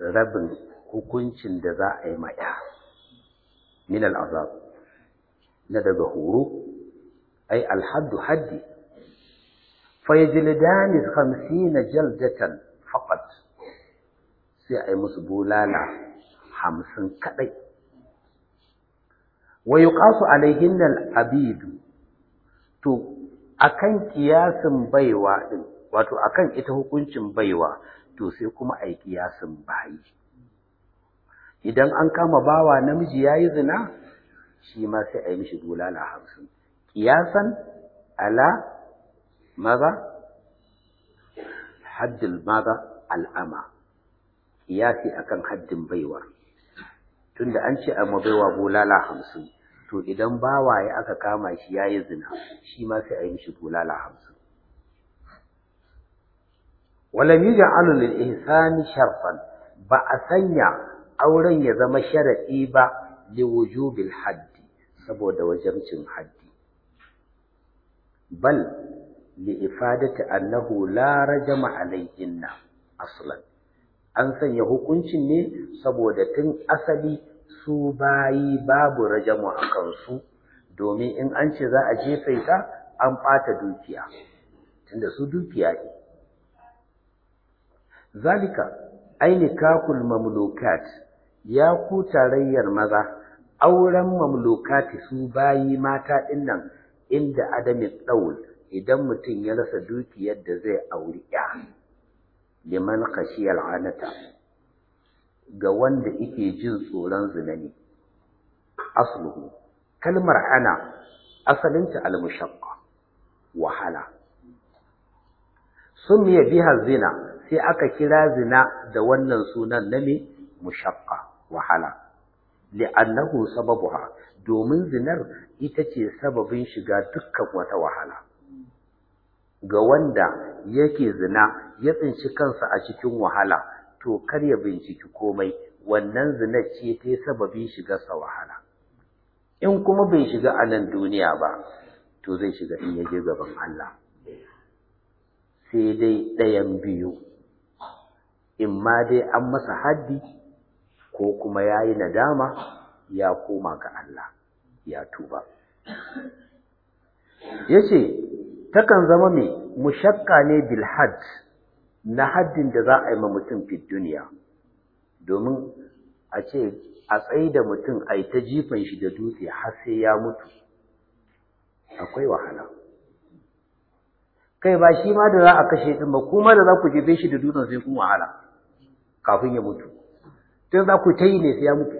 rabin hukuncin da za a yi ma ya min al'azab na daga horo ai alhaddu haddi fayajlidani 50 jaldatan faqat sai a yi musu bulala hamsin kadai wa yuqasu alaihinna al-abidu to akan kiyasin baiwa din wato akan ita hukuncin baiwa to sai kuma ai kiyasin bayi idan an kama bawa namiji yayi zina shi ma sai ai mishi bulala hamsin kiyasan ala maza haddul maza al'ama kiyasi akan haddin baiwa tunda an ce a mabaiwa bulala hamsin to idan bawaye aka kama shi yayi zina shi ma sai a yi mishi tulala hamsin walam yaj'alu lil ihsani sharfan ba a sanya auren ya zama sharadi ba li wujubil haddi saboda wajibcin haddi bal li ifadati annahu la rajama alayhinna aslan an sanya hukuncin ne saboda tun asali su bayi babu rajamu a kansu domin in an ce za a jefe ta an ɓata dukiya tunda su dukiya ne zalika kakul mamlukat ya ku tarayyar maza auren mamlukati su bayi mata dinnan inda adamin ɗaul idan mutum ya rasa dukiyar da zai auri ya liman kashiyar anata ga wanda yake jin tsoron zina ne asluhu kalmar ana asalinta al-mushaqqa wahala sumiya biha zina sai aka kira zina da wannan sunan na me mushaqqa wahala li'annahu sababuha domin zinar ita ce sababin shiga dukkan wata wahala ga wanda yake zina ya tsinci kansa a cikin wahala to kar ya binciki komai wannan zina ce ta sababin shiga sa wahala in kuma bai shiga a nan duniya ba to zai shiga in ya gaban Allah sai dai ɗayan biyu in ma dai an masa haddi ko kuma ya yi nadama ya koma ga Allah ya tuba ya ce takan zama mai mushakka ne bilhad na haddin da za a yi ma mutum fi duniya domin a ce a tsaye da mutum a yi ta jifan shi da dutse har sai ya mutu akwai wahala kai ba shi ma da za a kashe din ba kuma da za ku jefe shi da dutsen sai kun wahala kafin ya mutu tun za ku ta yi ne sai ya mutu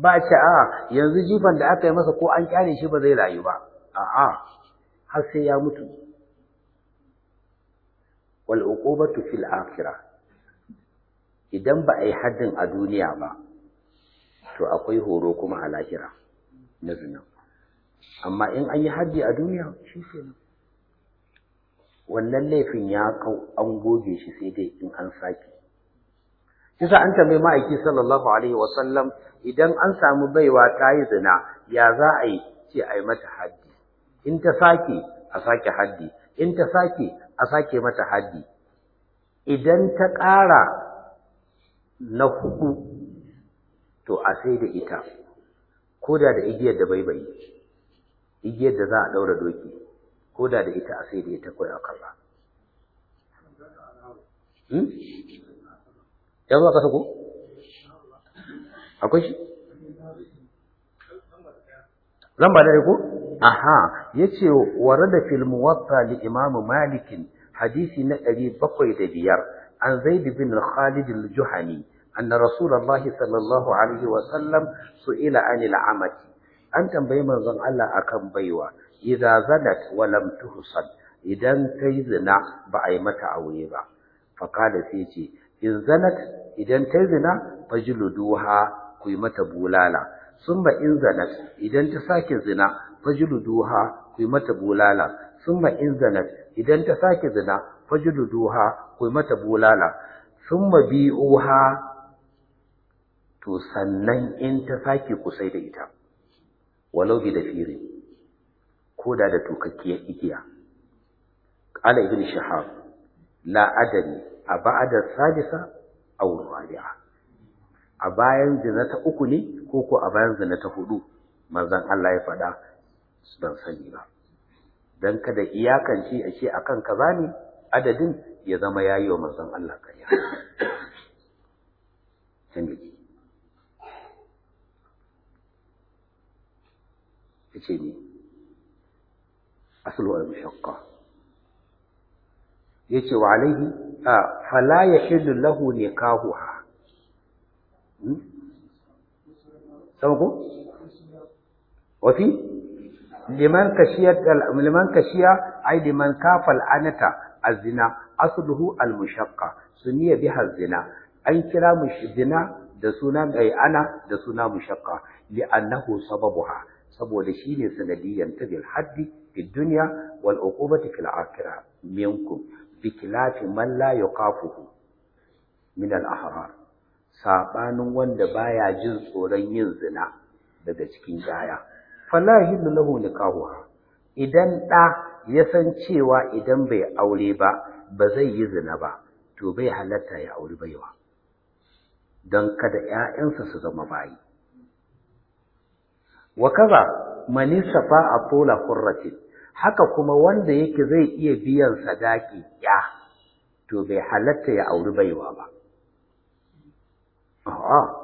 ba ce a yanzu jifan da aka yi masa ko an kyale shi ba zai rayu ba a'a har sai ya mutu wal uqubatu fil akhirah idan ba a yi haddin a duniya ba to akwai horo kuma a lahira na zina amma in an yi haddi a duniya shi kenan wannan laifin ya kau an goge shi sai dai in an sake kisa an tambayi ma'aiki sallallahu alaihi wa sallam idan an samu baiwa ta yi zina ya za a yi ce a yi mata haddi in ta sake a sake haddi in ta sake a sake mata haddi idan ta ƙara na hudu to a sai da ita ko da da igiyar da bai-bai, igiyar da za a ɗaura doki ko da da ita a sai da ita kawai a kalla hmm? ya zo kasa ko akwai shi lamba da ko aha yace warada fil muwatta li imam malik hadisi na 705 عن زيد بن خالد الجهني أن رسول الله صلى الله عليه وسلم سئل عن العامة أن تنبي من ظن الله أكم بيوة إذا زنت ولم تهصد إذا تيزنا بعيمة عويبة فقال سيتي إن زنت إذا تيزنا فجلدوها قيمة بولالا summa in zanat idan ta sake zina fajluduha ku mata bulala summa in zanat idan ta sake zina fajluduha ku mata bulala summa bi'uha to sannan in ta sake kusai da ita walau bi da firi ko da da tukakkiyar igiya qala ibn shahab la adani a ba'da sadisa aw rabi'a a bayan zina ta uku ne ko ko a bayan zina ta hudu manzon Allah ya faɗa ban sani ba dan kada iyakanci a ce akan kaza ne adadin ya zama yayi wa manzon Allah kariya tambayi kace ni aslu al-mushaqqa yace wa alaihi ah, fala yahillu lahu nikahuha hmm? سمعكم وفي لمن كشيا لمن كشيا أي لمن كافل أنتا الزنا أصله المشقة سمي بها الزنا أي كلام الزنا دسونا أي أنا دسونا مشقة لأنه سببها سبب لشين سندي ينتهي الحد في الدنيا والعقوبة في الآخرة منكم بكلاف من لا يقافه من الأحرار saɓanin wanda baya jin tsoron yin zina daga cikin yaya fala hillu lahu nikahuha idan ɗa ya san cewa idan bai aure ba ba zai yi zina ba to bai halatta ya auri baiwa don kada ‘ya'yansa su zama bayi wa kaza manisa fa a tola kurratin haka kuma wanda yake zai iya biyan sadaki ya to bai halatta ya auri baiwa ba a'a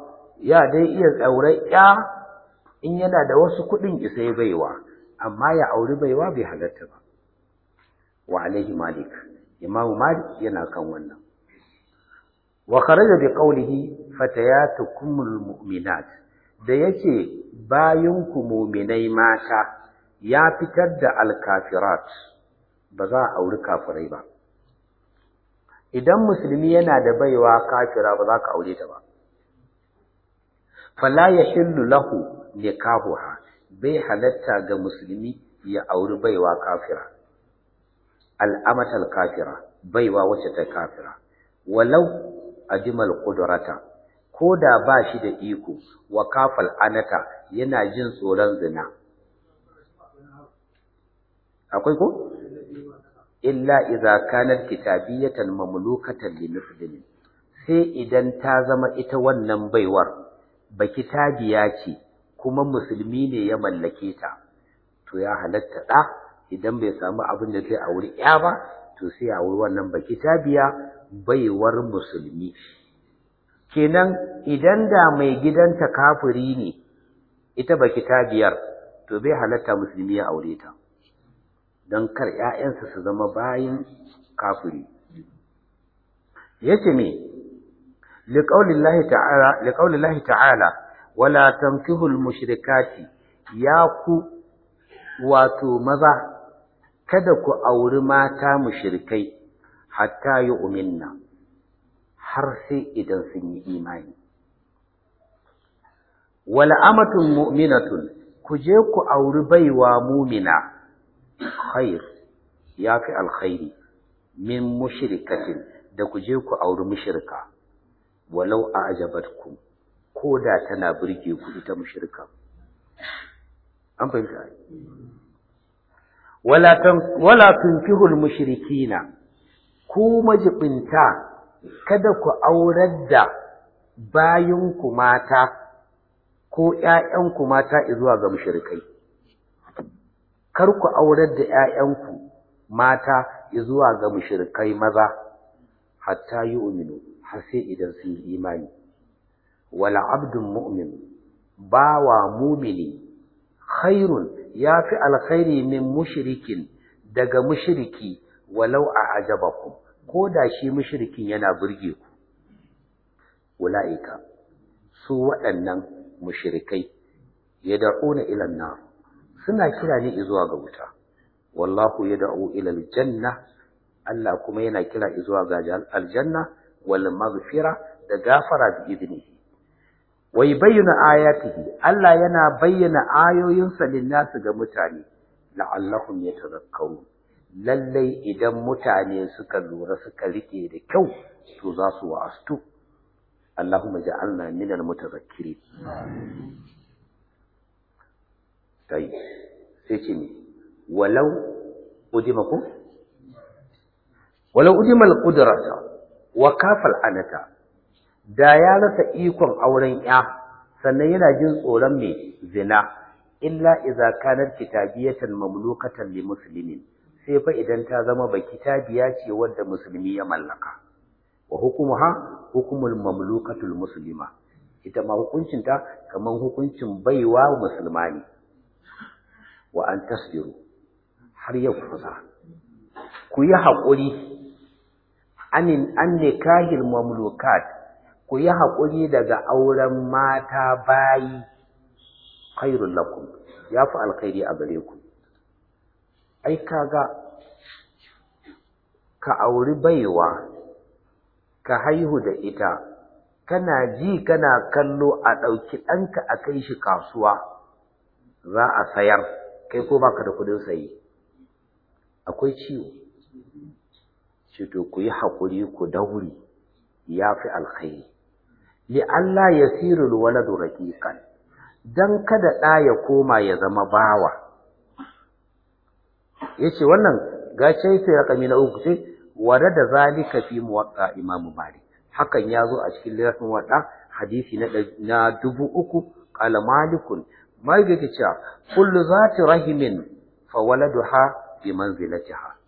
ya dai iya tsaurai ya in yana da wasu kuɗin isai baiwa amma ya auri baiwa bai halatta ba wa alaihi malik imam malik yana kan wannan wa kharaja bi qawlihi fatayatukumul mu'minat da yace bayinku mu'minai mata ya fitar da alkafirat ba za a auri kafirai ba idan musulmi yana da baiwa kafira ba za ka aure ta ba fala ya hillu lahu nikahuha bai halatta ga musulmi ya auri baiwa kafira al'amatal kafira baiwa wacce ta kafira walau ajmal qudrata ko da ba shi da iko wa kafal anata yana jin tsoron zina akwai ko illa idza kanat kitabiyatan mamlukatan li sai idan ta zama ita wannan baiwar baki tabiya ce kuma musulmi ne ya mallake ta to ya halatta da idan bai samu abin da zai auri ya ba to sai ya auri wannan baki tabiya baiwar musulmi kenan idan da mai gidanta kafiri ne ita baki tabiyar to bai halatta musulmi ya aure ta don kar ‘ya'yansa su zama bayin kafiri. Yace me, لقول الله تعالى لقول الله تعالى ولا تنكحوا المشركات ya ku wato maza kada ku auri mata mushrikai hatta yu'minna har sai idan sun yi imani wala amatun mu'minatun ku je ku auri baiwa mu'mina khair yafi alkhairi min mushrikatin da ku je ku auri mushrika walau a'jabatkum ko da tana birge ku ita mushrika an fahimta wala tan wala mushrikina ku majibinta kada ku aurar da ku mata ko ku mata zuwa ga mushrikai kar ku aurar da 'ya'yanku mata zuwa ga mushrikai maza hatta yu'minu har sai idan sun yi imani wala abdun mu'min bawa mumini khairun ya fi alkhairi min mushrikin daga mushriki walau a ajabakum ko da shi mushrikin yana burge ku ula'ika su waɗannan mushrikai ya ila an suna kira ne zuwa ga wuta wallahu ya ila al-janna Allah kuma yana kira zuwa ga aljanna wal maghfira da gafara bi idnihi wa yubayyinu ayatihi Allah yana bayyana ayoyin ayoyinsa nasu ga mutane la'allahum yatadhakkarun lallai idan mutane suka lura suka rike da kyau to za su wa'astu Allahumma ja'alna minal mutazakkirin sai sai ce ni walau udima ku walau udima al-qudrata wa kafal anata da ya rasa ikon auren ya sannan yana jin tsoron mai zina illa idza kanat kitabiyatan mamlukatan li muslimin sai fa idan ta zama ba kitabiya ce wadda musulmi ya mallaka wa hukumuha hukumul mamlukatul muslima ita ma hukuncinta kaman hukuncin baiwa musulma ne wa an tasbiru har yau kusa ku yi haƙuri anin an kahil mamlukat ku yi haƙuri daga auren mata bayi khairul lakum ya fi alkhairi a gare ku ai kaga ka auri baiwa ka haihu da ita kana ji kana kallo a ɗauki ɗanka a kai shi kasuwa za a sayar kai ko baka da kudin sayi akwai ciwo ce to ku yi haƙuri ku dauri. ya fi alkhairi li Allah ya waladu raqiqan dan kada ɗa ya koma ya zama bawa yace wannan gace sai rakami na uku ce da zalika fi muwaqqa imamu bari. hakan yazo a cikin lafin wada hadisi na na dubu uku qala malikun mai yake cewa kullu zati rahimin fa waladuha bi manzilatiha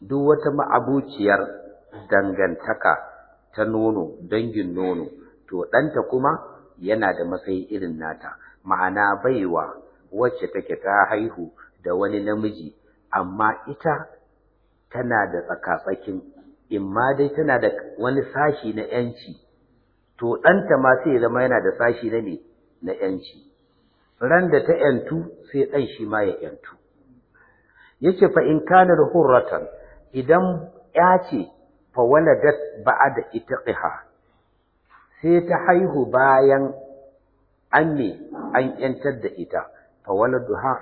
duk wata ma'abuciyar dangantaka ta nono dangin nono to ɗanta kuma yana da matsayi irin nata ma'ana baiwa wacce take ta haihu da wani namiji amma ita tana da tsakatsakin imma dai tana da wani sashi na yanci to ɗanta ma sai zama yana da sashi na ne na yanci ran da ta yantu sai ɗan shi ma ya yantu yake fa in kana hurratan idan ya ce fa da ba'da itqiha sai ta haihu bayan an me an yantar da ita fa a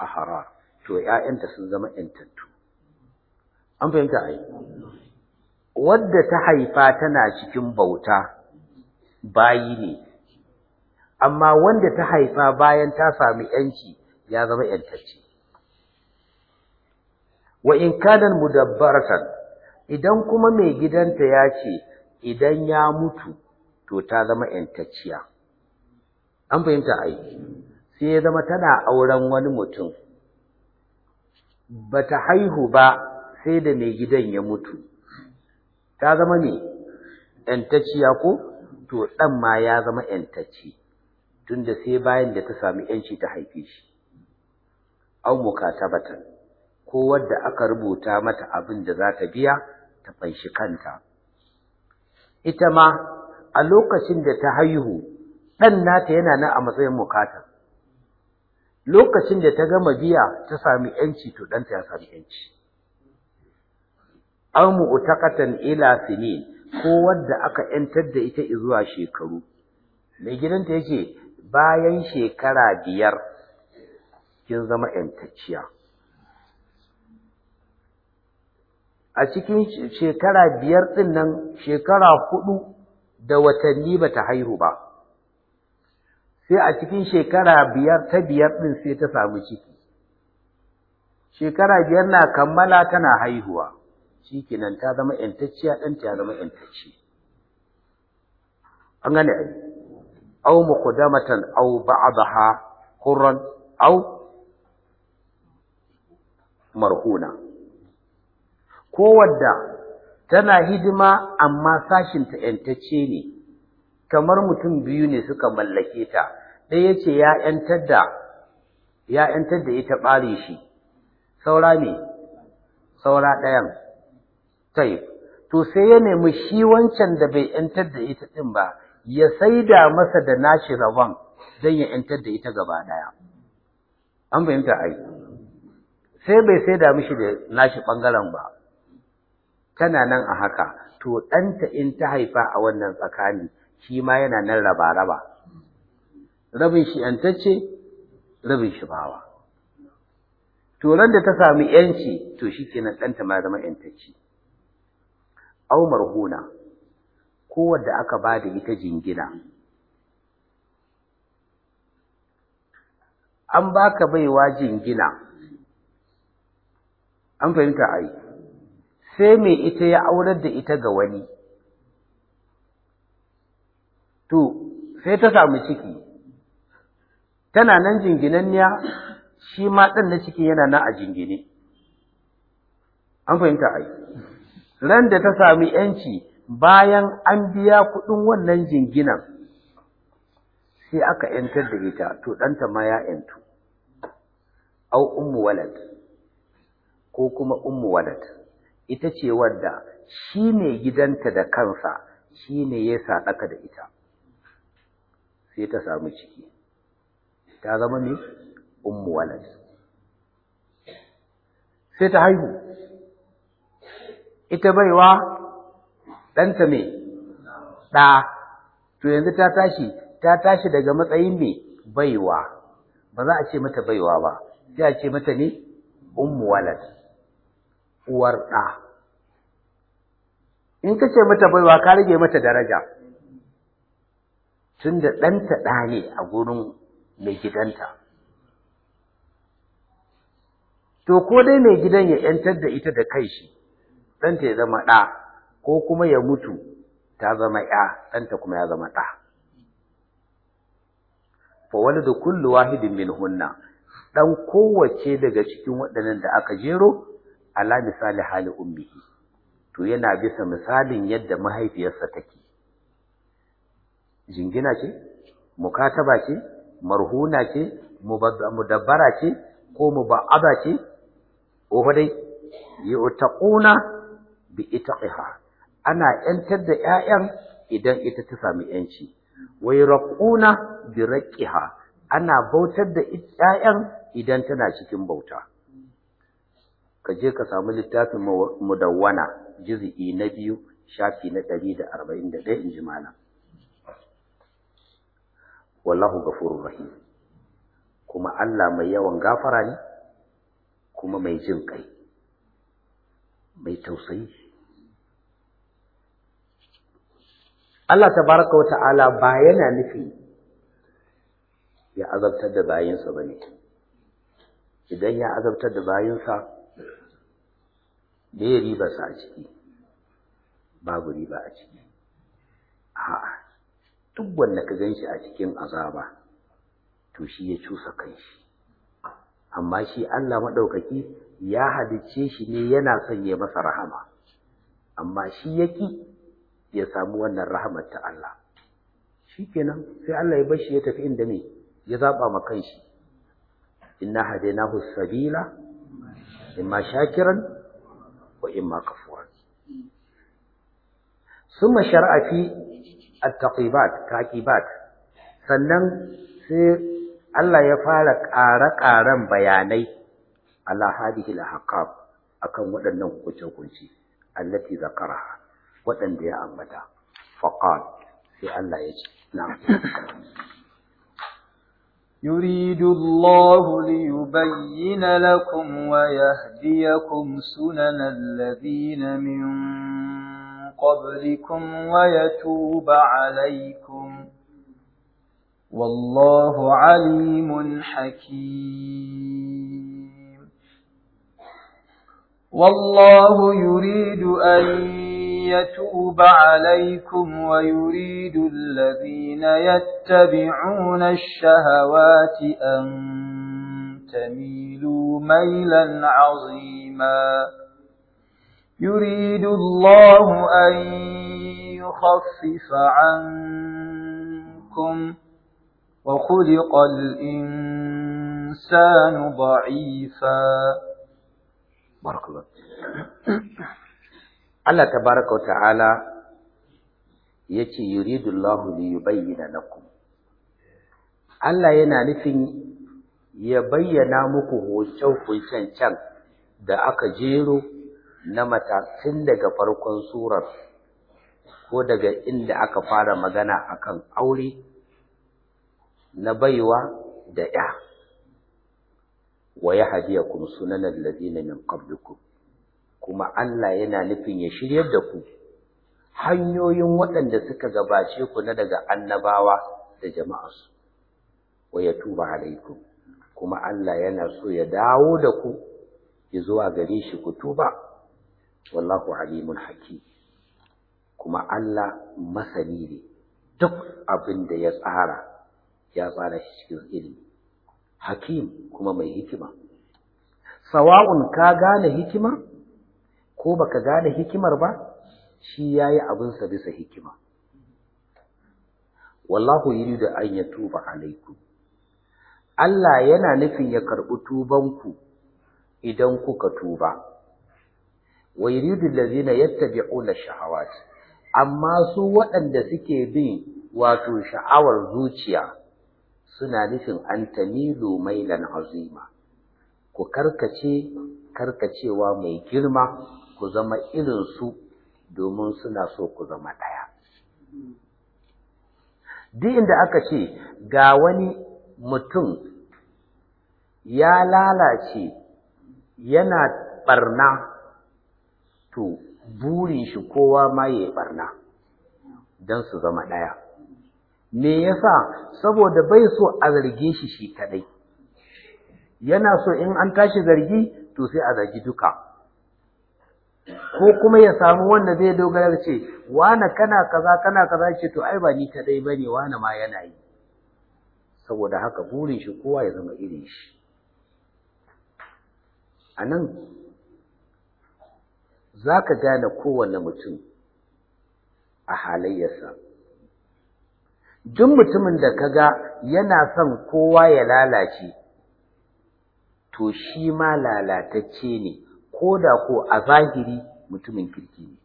ahara to 'ya'yanta sun zama yantattu an fahimta ai wadda ta haifa tana cikin bauta bayi ne amma wanda ta haifa bayan ta sami yanci ya zama yantacce wa in kana mudabbaratan idan kuma mai gidanta ya ce idan ya mutu to ta zama ‘yantacciya. An fahimta aiki, sai ya zama tana auren wani mutum, Bata haihu ba sai da mai gidan ya mutu, ta zama ne ‘yantacciya ko? To, dan ma ya zama ‘yantacci, tunda sai bayan da ta sami ‘yanci ta haife shi, an mukata ko wadda aka rubuta mata abin da za ta biya ta fanshi kanta ita ma a lokacin da ta haihu ɗan nata yana nan a matsayin mukata lokacin da ta gama biya ta sami yanci to ɗanta ya sami yanci aw utakatan ila sini ko wadda aka yantar da ita zuwa shekaru mai gidanta yake bayan shekara biyar kin zama yantacciya a cikin shekara biyar ɗin nan shekara hudu da watanni bata haihu ba sai a cikin shekara biyar ta biyar ɗin sai ta samu ciki shekara biyar na kammala tana haihuwa shikenan ta zama yantacciya ɗanta ya zama yantacci an gane ai aw muqaddamatan au ba'daha qurran au marhuna kowadda tana hidima amma sashinta ‘yantacce ne, kamar mutum biyu ne suka mallake ta, ɗaya ce ya ‘yantar da, ya ‘yantar da ita ɓare shi, saura ne, saura ɗayan, tai, to sai ya nemi shi wancan da bai ‘yantar da ita ɗin ba, ya saida masa da nashi rabon don ya ‘yantar da ita gaba ɗaya. An fahimta ai, sai bai saida mishi da nashi ɓangaren ba. tana nan a haka to ɗanta in ta haifa a wannan tsakani shi ma yana nan raba-raba rabin shi ‘yantacce rabin shi bawa to ran da ta sami ‘yanci to shi ke nan ɗanta ma zama ‘yantacce au marhuna ko wadda aka ba da ita jingina an baka baiwa jingina an fahimta yi. sai me ita ya aurar da ita ga wani to sai ta samu ciki tana nan jinginanniya shi ma ɗan na ciki yana nan a jingine an fahimta ai ran da ta sami yanci bayan an biya kuɗin wannan jinginan sai aka yantar da ita to ɗanta ma ya yantu au ummu walad ko kuma ummu walad ita ce wadda shi ne gidanta da kansa shi ne ya saɗaka da ita sai ta samu ciki ta zama ne ummu walad sai ta haihu ita baiwa ɗanta ne ɗa to yanzu ta tashi ta tashi daga matsayin mai baiwa ba za a ce mata baiwa ba sai a ce mata ne ummu walad uwar ɗa. In ka ce mata baiwa ka rage mata daraja, tun da ɗanta ɗa ne a gurin mai gidanta. To, ko dai mai gidan ya ‘yantar da ita da kai shi, ɗanta ya zama ɗa, ko kuma ya mutu ta zama ‘ya, ɗanta kuma ya zama ɗa. Fa wani da kullu wahidin min hunna, ɗan kowace daga cikin waɗannan da aka jero, ala misali hali ummihi to yana bisa misalin yadda mahaifiyarsa take jingina ce mukataba ce marhuna ce mudabbara ce ko muba'aza ce ko dai yu'taquna bi itaqiha ana yantar da 'ya'yan idan ita ta sami yanci wai raquna bi raqiha ana bautar da 'ya'yan idan tana cikin bauta ka je ka samu littafin mudawwana juz'i na biyu shafi na ɗari da arba'in da ɗaya in ji malam wallahu gafurur rahim kuma Allah mai yawan gafara ne kuma mai jin kai mai tausayi Allah tabaraka wa ta'ala ba yana nufi ya azabtar da bayinsa ba ne idan ya azabtar da bayinsa me ya riba a ciki babu riba a ciki a'a duk wanda ka gan shi a cikin azaba to shi ya cusa kanshi amma shi Allah maɗaukaki ya halicce shi ne yana son ya masa rahama amma shi yaki ya samu wannan rahamar ta Allah shi kenan sai Allah ya bashi ya tafi inda ne ya zaba ma kanshi inna hadainahu sabila imma shakiran wa ma kafuran summa shar'a fi at-taqibat taqibat sannan sai Allah ya fara ƙare-ƙaren bayanai ala hadihi al-ahqab akan waɗannan hukunce-hukunce allati zakaraha waɗanda ya ambata faqat sai Allah ya ce na'am يريد الله ليبين لكم ويهديكم سنن الذين من قبلكم ويتوب عليكم والله عليم حكيم والله يريد أن يتوب عليكم ويريد الذين يتبعون الشهوات أن تميلوا ميلا عظيما يريد الله أن يخفف عنكم وخلق الإنسان ضعيفا بارك الله Allah tabaraka ta'ala yace yuridullahu li yubayyana lakum Allah yana nufin ya bayyana muku hoton kuncen can da aka jero na matakin daga farkon surar ko daga inda aka fara magana akan aure na baiwa da ya wa yahdiyakum sunanal ladina min qablikum kuma Allah yana nufin ya shiryar da ku hanyoyin waɗanda suka gabace ku na daga annabawa da jama'arsu wa ya tuba alaikum kuma Allah yana so ya dawo da ku ya zuwa gare shi ku tuba wallahu alimun hakim kuma Allah masani ne duk abin da ya tsara ya tsara shi cikin ilimi hakim kuma mai hikima sawa'un ka gane hikima ko baka gane hikimar ba shi yayi abin sa bisa hikima wallahu yuridu an yatuba alaikum Allah yana nufin ya tuban tubanku idan kuka tuba wa yuridu allazina yattabi'una shahawat amma su waɗanda suke bin wato sha'awar zuciya suna nufin an tamilu mailan azima ku karkace karkacewa mai girma ku zama su domin suna so ku zama ɗaya. Duk inda aka ce ga wani mutum ya lalace yana ɓarna to burin shi kowa ma ya ɓarna don su zama ɗaya. Me yasa saboda bai so a zarge shi shi kaɗai, yana so in an tashi zargi to sai a zargi duka. ko kuma ya samu wanda zai dogara ce wane kana kaza kana kaza ce to ai ba ni kadai bane wane ma yana yi saboda haka burin shi kowa ya zama irin shi anan zaka gane kowanne mutum a halayyarsa duk mutumin da ka ga yana son kowa ya lalace to shi ma lalatacce ne ko da ko a zahiri mutumin kirki ne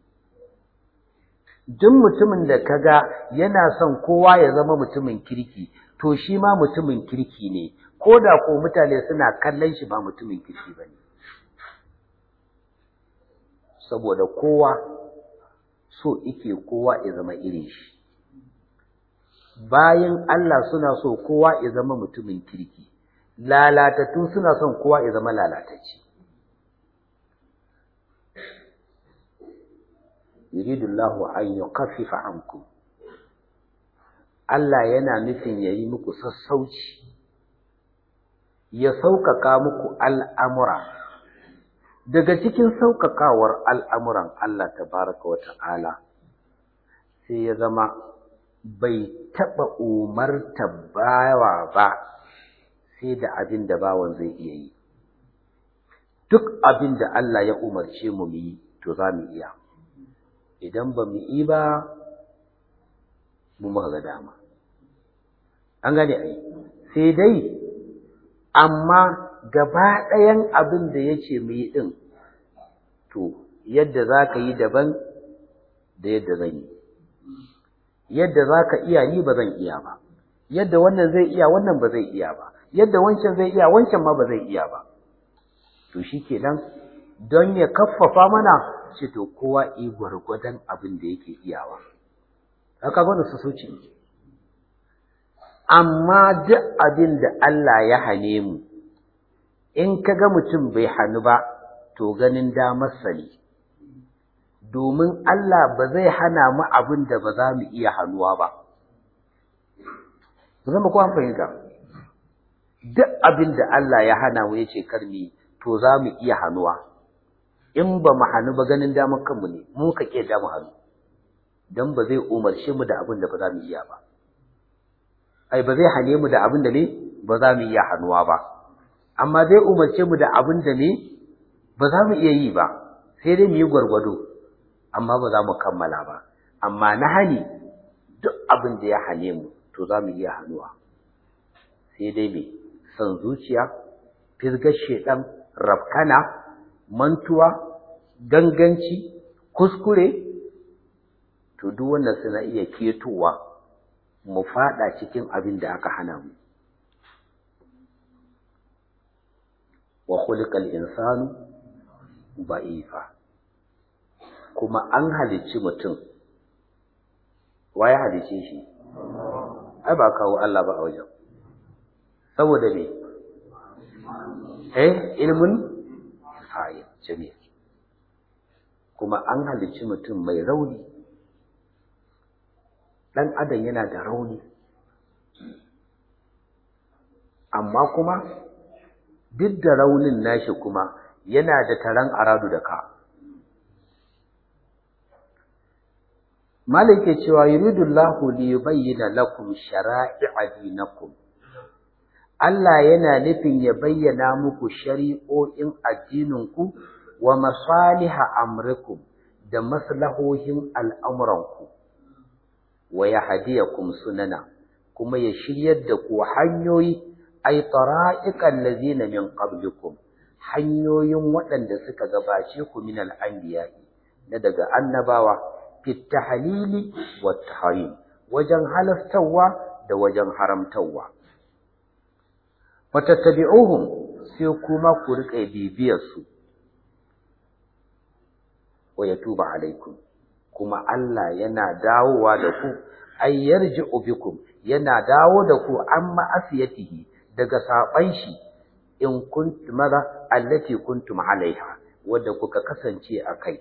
duk mutumin da ka ga yana son kowa ya zama mutumin kirki to shi ma mutumin kirki ne ko da ko mutane suna kallon shi ba mutumin kirki ba ne, saboda kowa so ike kowa ya zama irin shi bayan Allah suna so kowa ya zama mutumin kirki lalatattu suna son kowa ya zama lalatacce yuridu Allahu an yukhaffifa ankum Allah yana nufin yayi muku sassauci ya sauƙaƙa muku al'amura daga cikin sauƙaƙawar al'amuran Allah ta baraka ta'ala sai ya zama bai taɓa umarta bawa ba sai da abin da bawan zai iya yi duk abin da Allah ya umarce mu yi to za mu iya idan ba mu yi ba mu ga dama an gane ai sai dai amma gaba ɗayan abin da yake mu yi ɗin to yadda za ka yi daban da yadda zan yi yadda za ka iya ni ba zan iya ba yadda wannan zai iya wannan ba zai iya ba yadda wancan zai iya wancan ma ba zai iya ba to shi kenan don ya kaffafa mana sai to kowa yi gwargwadon abin da yake iyawa haka bane su soci amma duk abin da Allah ya hane mu in ka ga mutum bai hannu ba to ganin damarsa ne domin Allah ba zai hana mu abin da ba za mu iya hannuwa ba zama ko an fahimta duk abin da Allah ya hana mu ya kar mu to za mu iya hannuwa in ba mu hanu ba ganin damar kanmu ne mu ka ke damu hannu dan ba zai umarce mu da abin da ba za mu iya ba ai ba zai hane mu da abin da ne ba za mu iya hannuwa ba amma zai umarce mu da abin da ne ba za mu iya yi ba sai dai mu yi gwargwado amma ba za mu kammala ba amma na hani duk abin da ya hane mu to za mu iya hannuwa sai dai me san zuciya fisgar shedan rabkana mantuwa ganganci kuskure to duk wannan suna iya ketowa mu faɗa cikin abin da aka hana mu wa khuliqal insanu ba'ifa kuma an halicci mutum waye halicce shi ai ba kawo Allah ba a wajen saboda me eh ilmun fa'il jami'a kuma an halicci mutum mai rauni ɗan adam yana da rauni amma kuma duk da raunin nashi kuma yana da taron aradu da ka Malik ke cewa yuridullahu li yubayyana lakum shara'i'a dinakum Allah yana nufin ya bayyana muku shari'o'in addininku wa masaliha amrikum da maslahohin al'amuranku wa yahdiyakum sunana kuma ya shiryar da ku hanyoyi ay tara'iqal ladina min qablikum hanyoyin waɗanda suka gabace ku min al na daga annabawa fit tahlili wa tahrim wajen halartarwa da wajen haramtawa fatattabi'uhum sai kuma ku riƙe bibiyar su wa yatuba alaikum kuma Allah yana dawowa da ku ay yarji'u bikum yana dawo da ku amma afiyatihi daga saban shi in kuntum madha allati kuntum alaiha wanda kuka kasance a kai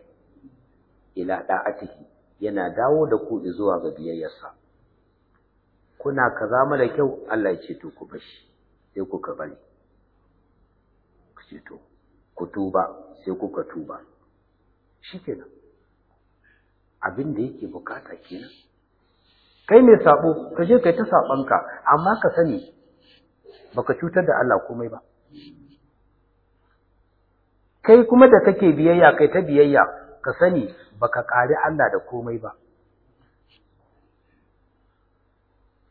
ila da'atihi yana dawo da ku zuwa ga biyayyarsa kuna kaza mara kyau Allah ya ce to ku bashi sai kuka bari ku ku tuba sai kuka tuba shikenan abin da yake bukata kenan kai mai sabo ka je kai ta sabanka amma ka sani baka cutar da Allah komai ba kai kuma da kake biyayya kai ta biyayya ka sani baka kare Allah da komai ba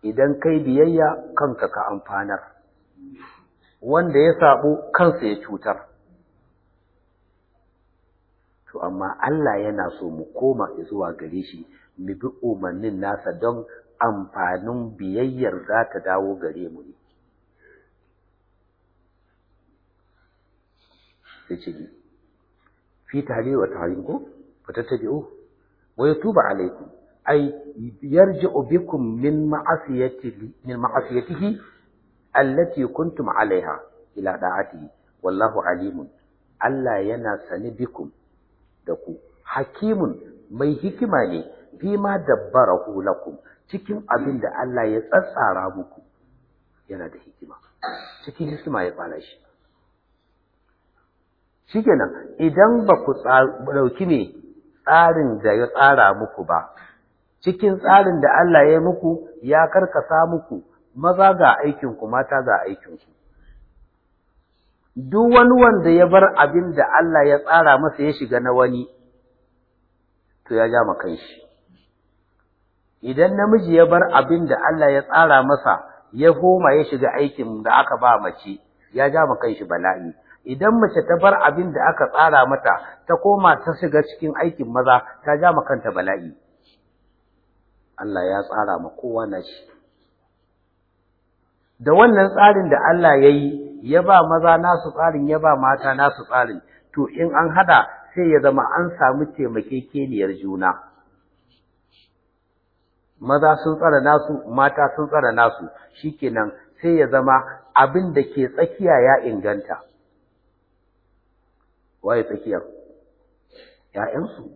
idan kai biyayya kanka ka amfanar wanda ya sabo kansa ya cutar to amma Allah yana so mu koma zuwa gare shi mu bi umarnin nasa don amfanin biyayyar za ta dawo gare mu ne sai ce fi tare wa tarin ko ta tattabi'u wa yatubu alaikum ai yarji'u bikum min ma'asiyatihi min ma'asiyatihi allati kuntum alaiha ila da'ati wallahu alimun Allah yana sani bikum da ku hakimun mai hikima ne fi ma dabbara lakum cikin abin da Allah ya tsatsara muku yana da hikima cikin hikima ya fara shi shikenan idan ba ku dauki ne tsarin da ya tsara muku ba cikin tsarin da Allah ya muku ya karkasa muku maza ga aikinku mata ga aikinku duk wani wanda ya bar abin da Allah ya tsara masa ya shiga na wani to ya ja ma kanshi idan namiji ya bar abin da Allah ya tsara masa ya koma ya shiga aikin da aka ba mace ya ja ma kanshi bala'i idan mace ta bar abin da aka tsara mata ta koma ta shiga cikin aikin maza ta ja kanta bala'i Allah ya tsara ma kowa na shi da wannan tsarin da Allah ya yi ya ba maza nasu tsarin ya ba mata nasu tsarin to in an hada sai ya zama an samu taimakekeniyar juna maza sun tsara nasu mata sun tsara nasu shikenan sai ya zama abin da ke tsakiya ya inganta waye tsakiyar Ya'yansu.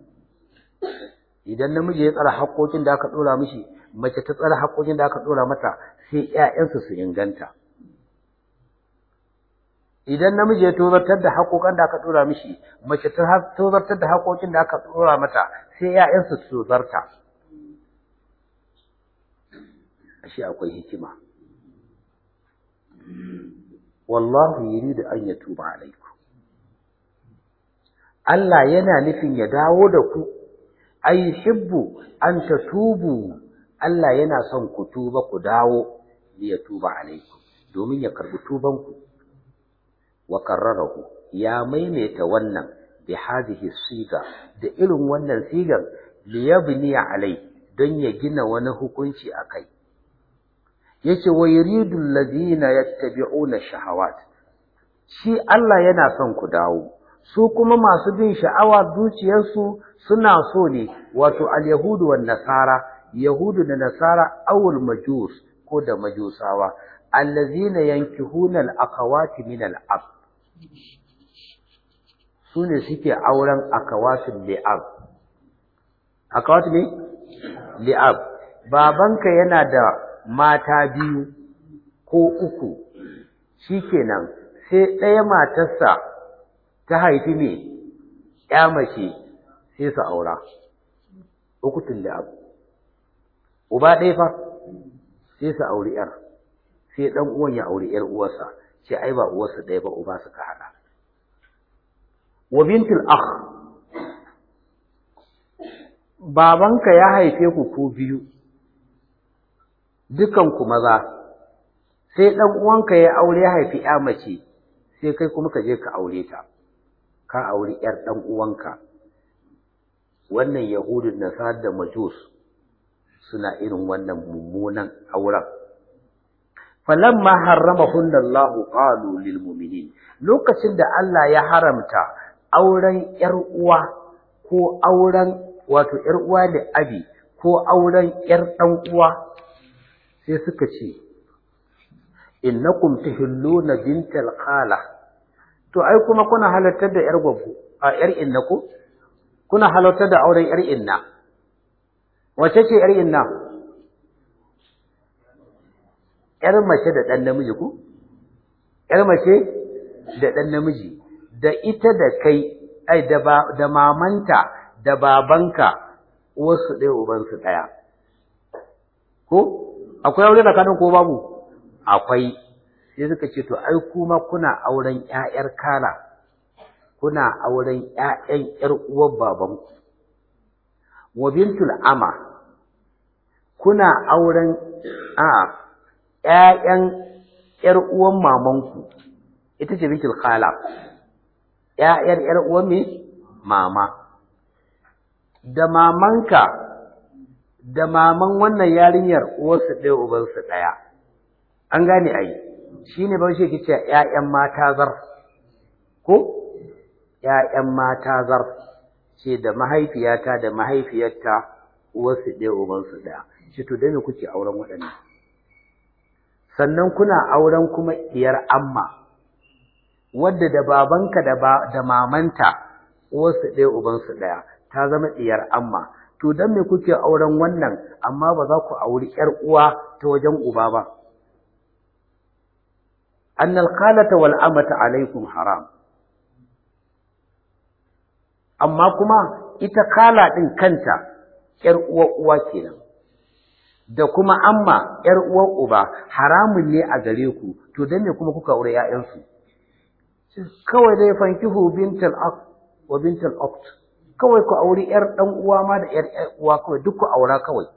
idan namiji ya tsara haƙƙoƙin da aka dora mishi mace ta tsara haƙƙoƙin da aka dora mata sai ƴaƴansu su inganta idan namiji ya tozartar da haƙoƙan da aka tura mishi mace ta tozartar da haƙoƙin da aka tura mata sai ƴaƴansu su tozarta ashe akwai hikima wallahu da an tuba alaiku. Allah yana nufin ya dawo da ku ay shibbu an tubu. Allah yana son ku tuba ku dawo ya tuba alaiku domin ya karɓi tubanku wa karrarahu ya maimaita wannan bi hadhihi siga da irin wannan sigar li yabni alai don ya gina wani hukunci akai yace wa yuridu alladhina yattabi'una shahawat shi Allah yana son ku dawo su kuma masu bin sha'awa zuciyarsu suna so ne wato al-yahudu wan nasara yahudu da nasara awul majus ko da majusawa allazina yankihuna al minal min al-ab Sune suke auren akawafin li'ab akawafin ne li'ab babanka yana da mata biyu ko uku shikenan sai ɗaya matarsa ta haifi ne ya mace sai su aura ukutun li'ab uba ɗaya fa sai su auri 'yar sai ɗan uwan ya auri 'yar uwarsa ce ai ba uwarsa ɗaya ba uba suka haɗa wa bintul akh babanka ya haife ku ko biyu dukan ku maza sai dan uwanka ya aure haifi ya mace sai kai kuma ka je ka aure ta ka aure yar dan uwanka wannan Yahudin nasar da majus suna irin wannan mummunan auren falamma harramahunna Allah qalu lil mu'minin lokacin da Allah ya haramta auren yar uwa ko auren wato ƴar uwa da abi ko auren ƴar dan uwa sai suka ce innakum tahilluna bintal khala to ai kuma kuna halartar da ƴar gwaggo a yar inna kuna halartar da auren yar inna wace ce ƴar inna ‘yar mace da ɗan namiji ku? ‘yar mace da ɗan namiji, da ita da kai, ai, da mamanta da babanka wasu ɗaya ubansu ɗaya. Ko? Akwai aure tsakanin ko babu? Akwai. Sai suka ce, to, ai, kuma kuna auren ‘ya'yar kala, kuna auren ‘ya'yan ‘yar uwar babanku. Wa bintul ama, kuna auren a'a. ƴaƴan ƴar uwan mamanku ita ce bikil khala ƴaƴar ƴar uwan me mama da mamanka da maman wannan yarinyar uwarsu ɗaya ubansu ɗaya an gane ai shine ba shi yake cewa ƴaƴan mata zar ko ‘ya'yan mata zar ce da mahaifiyata da mahaifiyarta uwarsu ɗaya ubansu ɗaya, shi to dai me kuke auren waɗannan? sannan kuna auren kuma ɗiyar amma wadda da babanka da mamanta uwarsu ɗaya ubansu ɗaya ta zama ɗiyar amma to don me kuke auren wannan amma ba za ku auri ƴar uwa ta wajen uba ba An alƙalata wal amata alaikum haram amma kuma ita kala ɗin kanta ƴar uwa uwa kenan da kuma amma ƴar uwar uba haramun ne a gare ku to dan ne kuma kuka aure 'ya'yansu. kawai dai fankihu bintal aq wa bintal aqt kawai ku aure ƴar dan uwa ma da ƴar uwa kawai duk ku aura kawai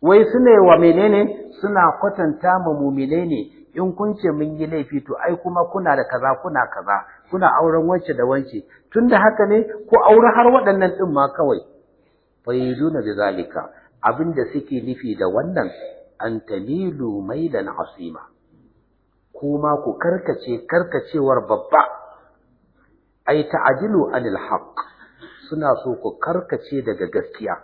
wai sune wa menene suna kwatanta ma mumine ne in kun ce mun yi laifi to ai kuma kuna da kaza kuna kaza kuna auren wance da wance tunda haka ne ku aure har waɗannan din ma kawai فيجون بذلك أبن دسكي لفي دوانا أن تميلوا ميلا عصيما كوماكو كركتي كركتي ورببا أي تعدلوا عن الحق سناسوكو كركتي دقا قسكيا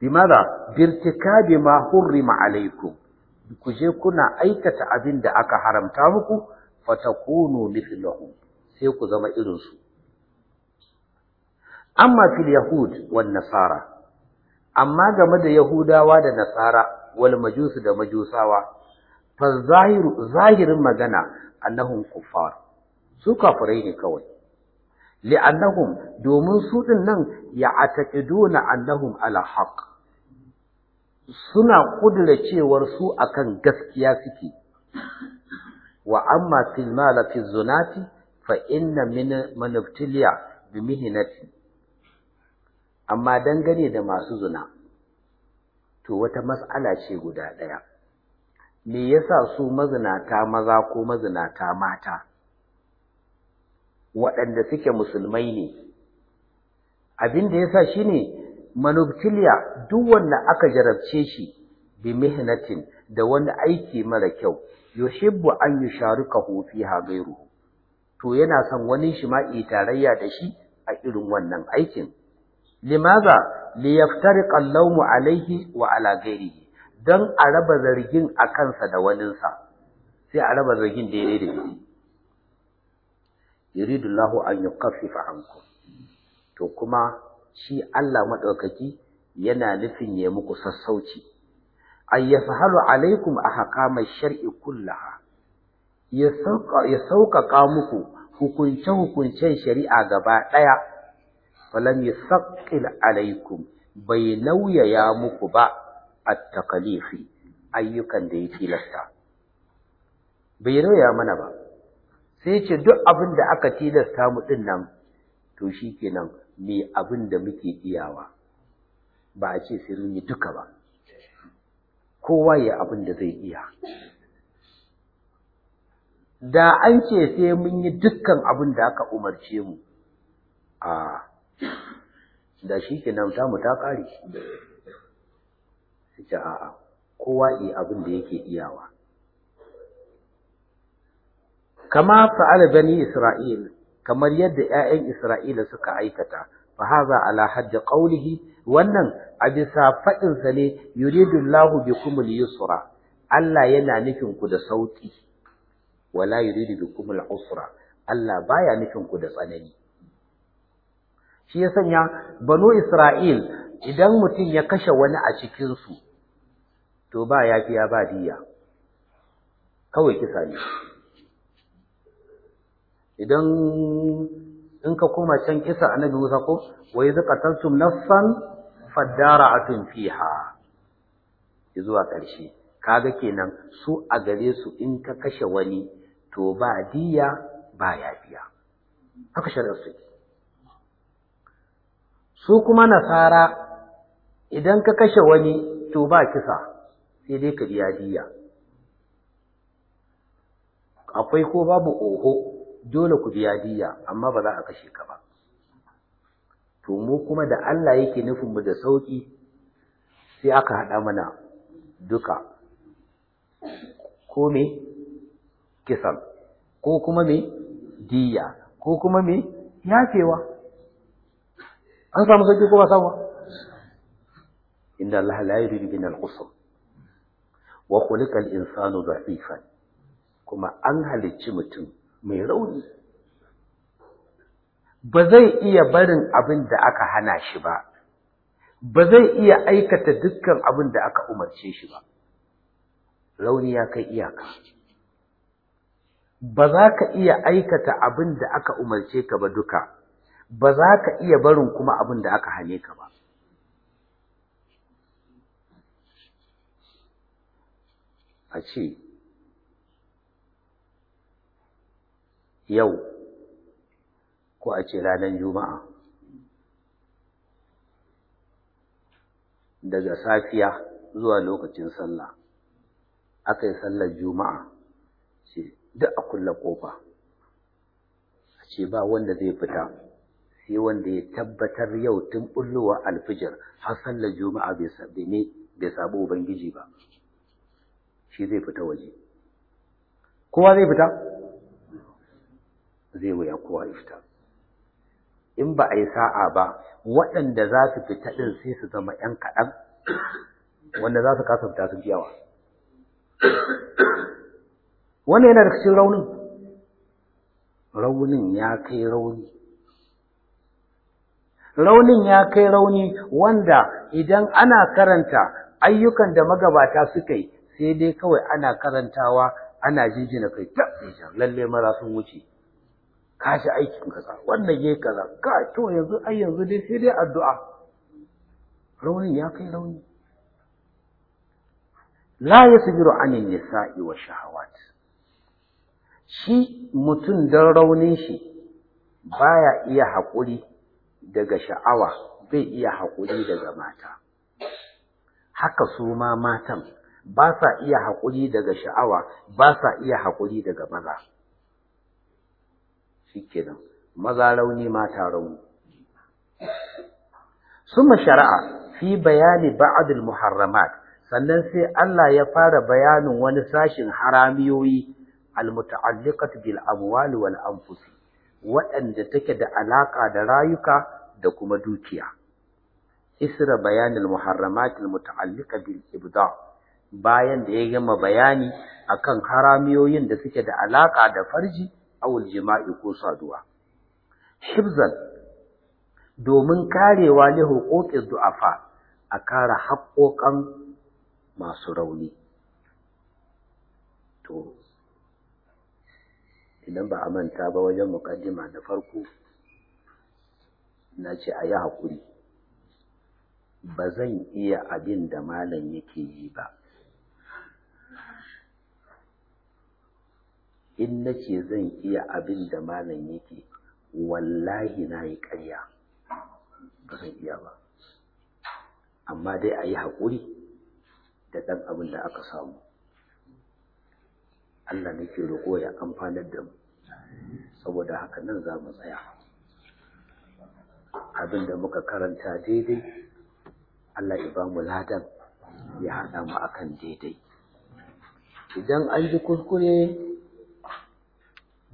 بماذا؟ بارتكاب ما حرم عليكم كجيكونا أيكة أبن دعاك حرمتاهكو فتكونوا مثلهم سيكو زمائرنسو amma fil yahud wan nasara amma game da yahudawa da nasara wal majus da majusawa fa zahiru zahirin magana annahum kuffar su kafirai ne kawai li'annahum domin su din nan ya'taqiduna annahum ala haqq suna kudura cewar su akan gaskiya suke wa amma fil malati zunati fa inna min manabtiliya bi mihnati amma dangane da masu zina to wata mas'ala ce guda ɗaya me yasa su mazinata maza ko mazinata mata waɗanda suke musulmai ne abin da yasa shine manubtiliya duk wanda aka jarabce shi bi mihnatin da wani aiki mara kyau yushibbu an yusharikahu fiha ghayruhu to yana son wani shi ma tarayya da shi a irin wannan aikin limaza liyaftariqa al-lawmu alayhi wa ala ghairihi dan a raba zargin a kansa da waninsa sai a raba zargin daidai da shi yuridu Allahu an yukaffifa ankum to kuma shi Allah madaukaki yana nufin ya muku sassauci ay alaikum ahkama shar'i kullaha ya sauka ya sauka muku hukunce hukuncen shari'a gaba daya falam yusaqqil alaikum bai lauyaya muku ba at-takalifi ayyukan da ya tilasta bai lauyaya mana ba sai ce duk abin da aka tilasta mu din nan to shikenan me abin da muke iyawa ba a ce sai mun yi duka ba kowa ya abin da zai iya da an ce sai mun yi dukkan abin da aka umarce mu a da shi ke nan tamu ta ƙare shi ce a'a kowa yi abin da yake iyawa kama fa'ala bani isra'il kamar yadda 'ya'yan isra'ila suka aikata fa haza ala hadda qawlihi wannan a bisa faɗin sa ne yuridu llahu bikum yusra Allah yana nufin ku da sauki wala yuridu bikum al-usra Allah baya nufin ku da tsanani shi ya sanya banu Isra'il idan mutum ya kashe wani a cikinsu, to ba ya fiya ba diya kawai kisa ne idan in ka koma can kisa annabi Musa ko wa a tun nafsan ha, fiha zuwa ƙarshe kaga kenan su a gare su in ka kashe wani to ba diya ba ya fiya haka shari'ar su su kuma nasara idan ka kashe wani to ba kisa sai dai ka biya diya akwai ko babu oho dole ku biya diya amma ba za a kashe ka ba to mu kuma da Allah yake nufin mu da sauki sai aka haɗa mana duka ko me kisan ko kuma me diya ko kuma me yafewa an samu sauki ko ba samu inna allaha la yuridu min al-qusr wa khuliqa al-insanu dha'ifan kuma an halicci mutum mai rauni ba zai iya barin abin da aka hana shi ba ba zai iya aikata dukkan abin da aka umarce shi ba rauni ya kai iyaka ba za ka iya aikata abin da aka umarce ka ba duka ba za ka iya barin kuma abin da aka hane ka ba a ce yau ko a ce ranar juma'a daga safiya zuwa lokacin sallah aka yi sallar juma'a ce duk a kulle kofa a ce ba wanda zai fita sai wanda ya tabbatar yau tun bullowa alfijir har sallar juma'a bai ne bai sabo ubangiji ba shi zai fita waje kowa zai fita zai waya kowa ya fita in ba a yi sa'a ba waɗanda za su fita ɗin sai su zama ƴan kaɗan wanda za su kasa fita su yawa wannan yana da cikin raunin raunin ya kai rauni raunin ya kai rauni wanda idan ana karanta ayyukan da magabata suka yi sai dai kawai ana karantawa ana jinjina kai ta lalle mara sun wuce ka shi aikin kaza wannan yayi kaza ka to yanzu ai yanzu dai sai dai addu'a raunin ya kai rauni la yasbiru anin nisa'i wa shahawat shi mutum dan raunin shi baya iya haƙuri daga sha'awa zai iya haƙuri daga mata haka su ma matan ba sa iya haƙuri daga sha'awa ba sa iya haƙuri daga maza shikenan maza rauni mata rauni Suma shari'a fi bayani ba'adul muharramat sannan sai Allah ya fara bayanin wani sashin haramiyoyi al-muta'alliqat bil amwali wal anfusi waɗanda take da alaƙa da rayuka da kuma dukiya. Isra bayanin muharramatil muta'allika bil ibda bayan da ya gama bayani akan haramiyoyin da suke da alaƙa da farji awul jima'i ko saduwa. Hibzan domin karewa li huquqiz du'afa a kare haƙoƙan masu rauni. To idan ba a manta ba wajen muƙaddima na farko na ce a yi haƙuri ba zan iya abin da malam yake yi ba in na ce zan iya abin da malam yake wallahi na yi ƙarya ba zan iya ba amma dai a yi haƙuri da ɗan abin da aka samu Allah nake roƙo ya amfanar da mu saboda haka nan za mu tsaya abin da muka karanta daidai Allah ya ba mu ladan ya haɗa mu akan daidai idan an ji kuskure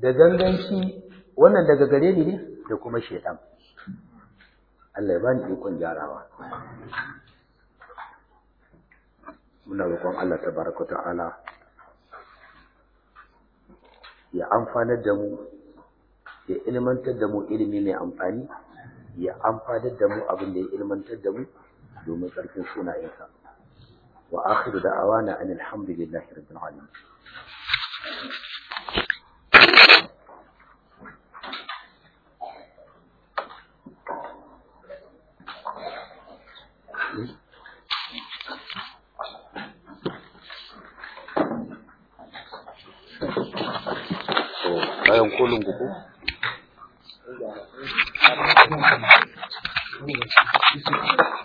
da ganganci wannan daga gare ni ne da kuma shaidan Allah ya bani ikon gyarawa muna roƙon Allah tabaraka ta'ala ya amfanar da mu ya ilmantar da mu ilimi mai amfani ya amfanar da mu abin da ya ilmantar da mu domin ƙarfin sunayensa wa akhiru da'awana anil hamdulillahi rabbil alamin Mm-hmm. bayan kolin gugu Thank you.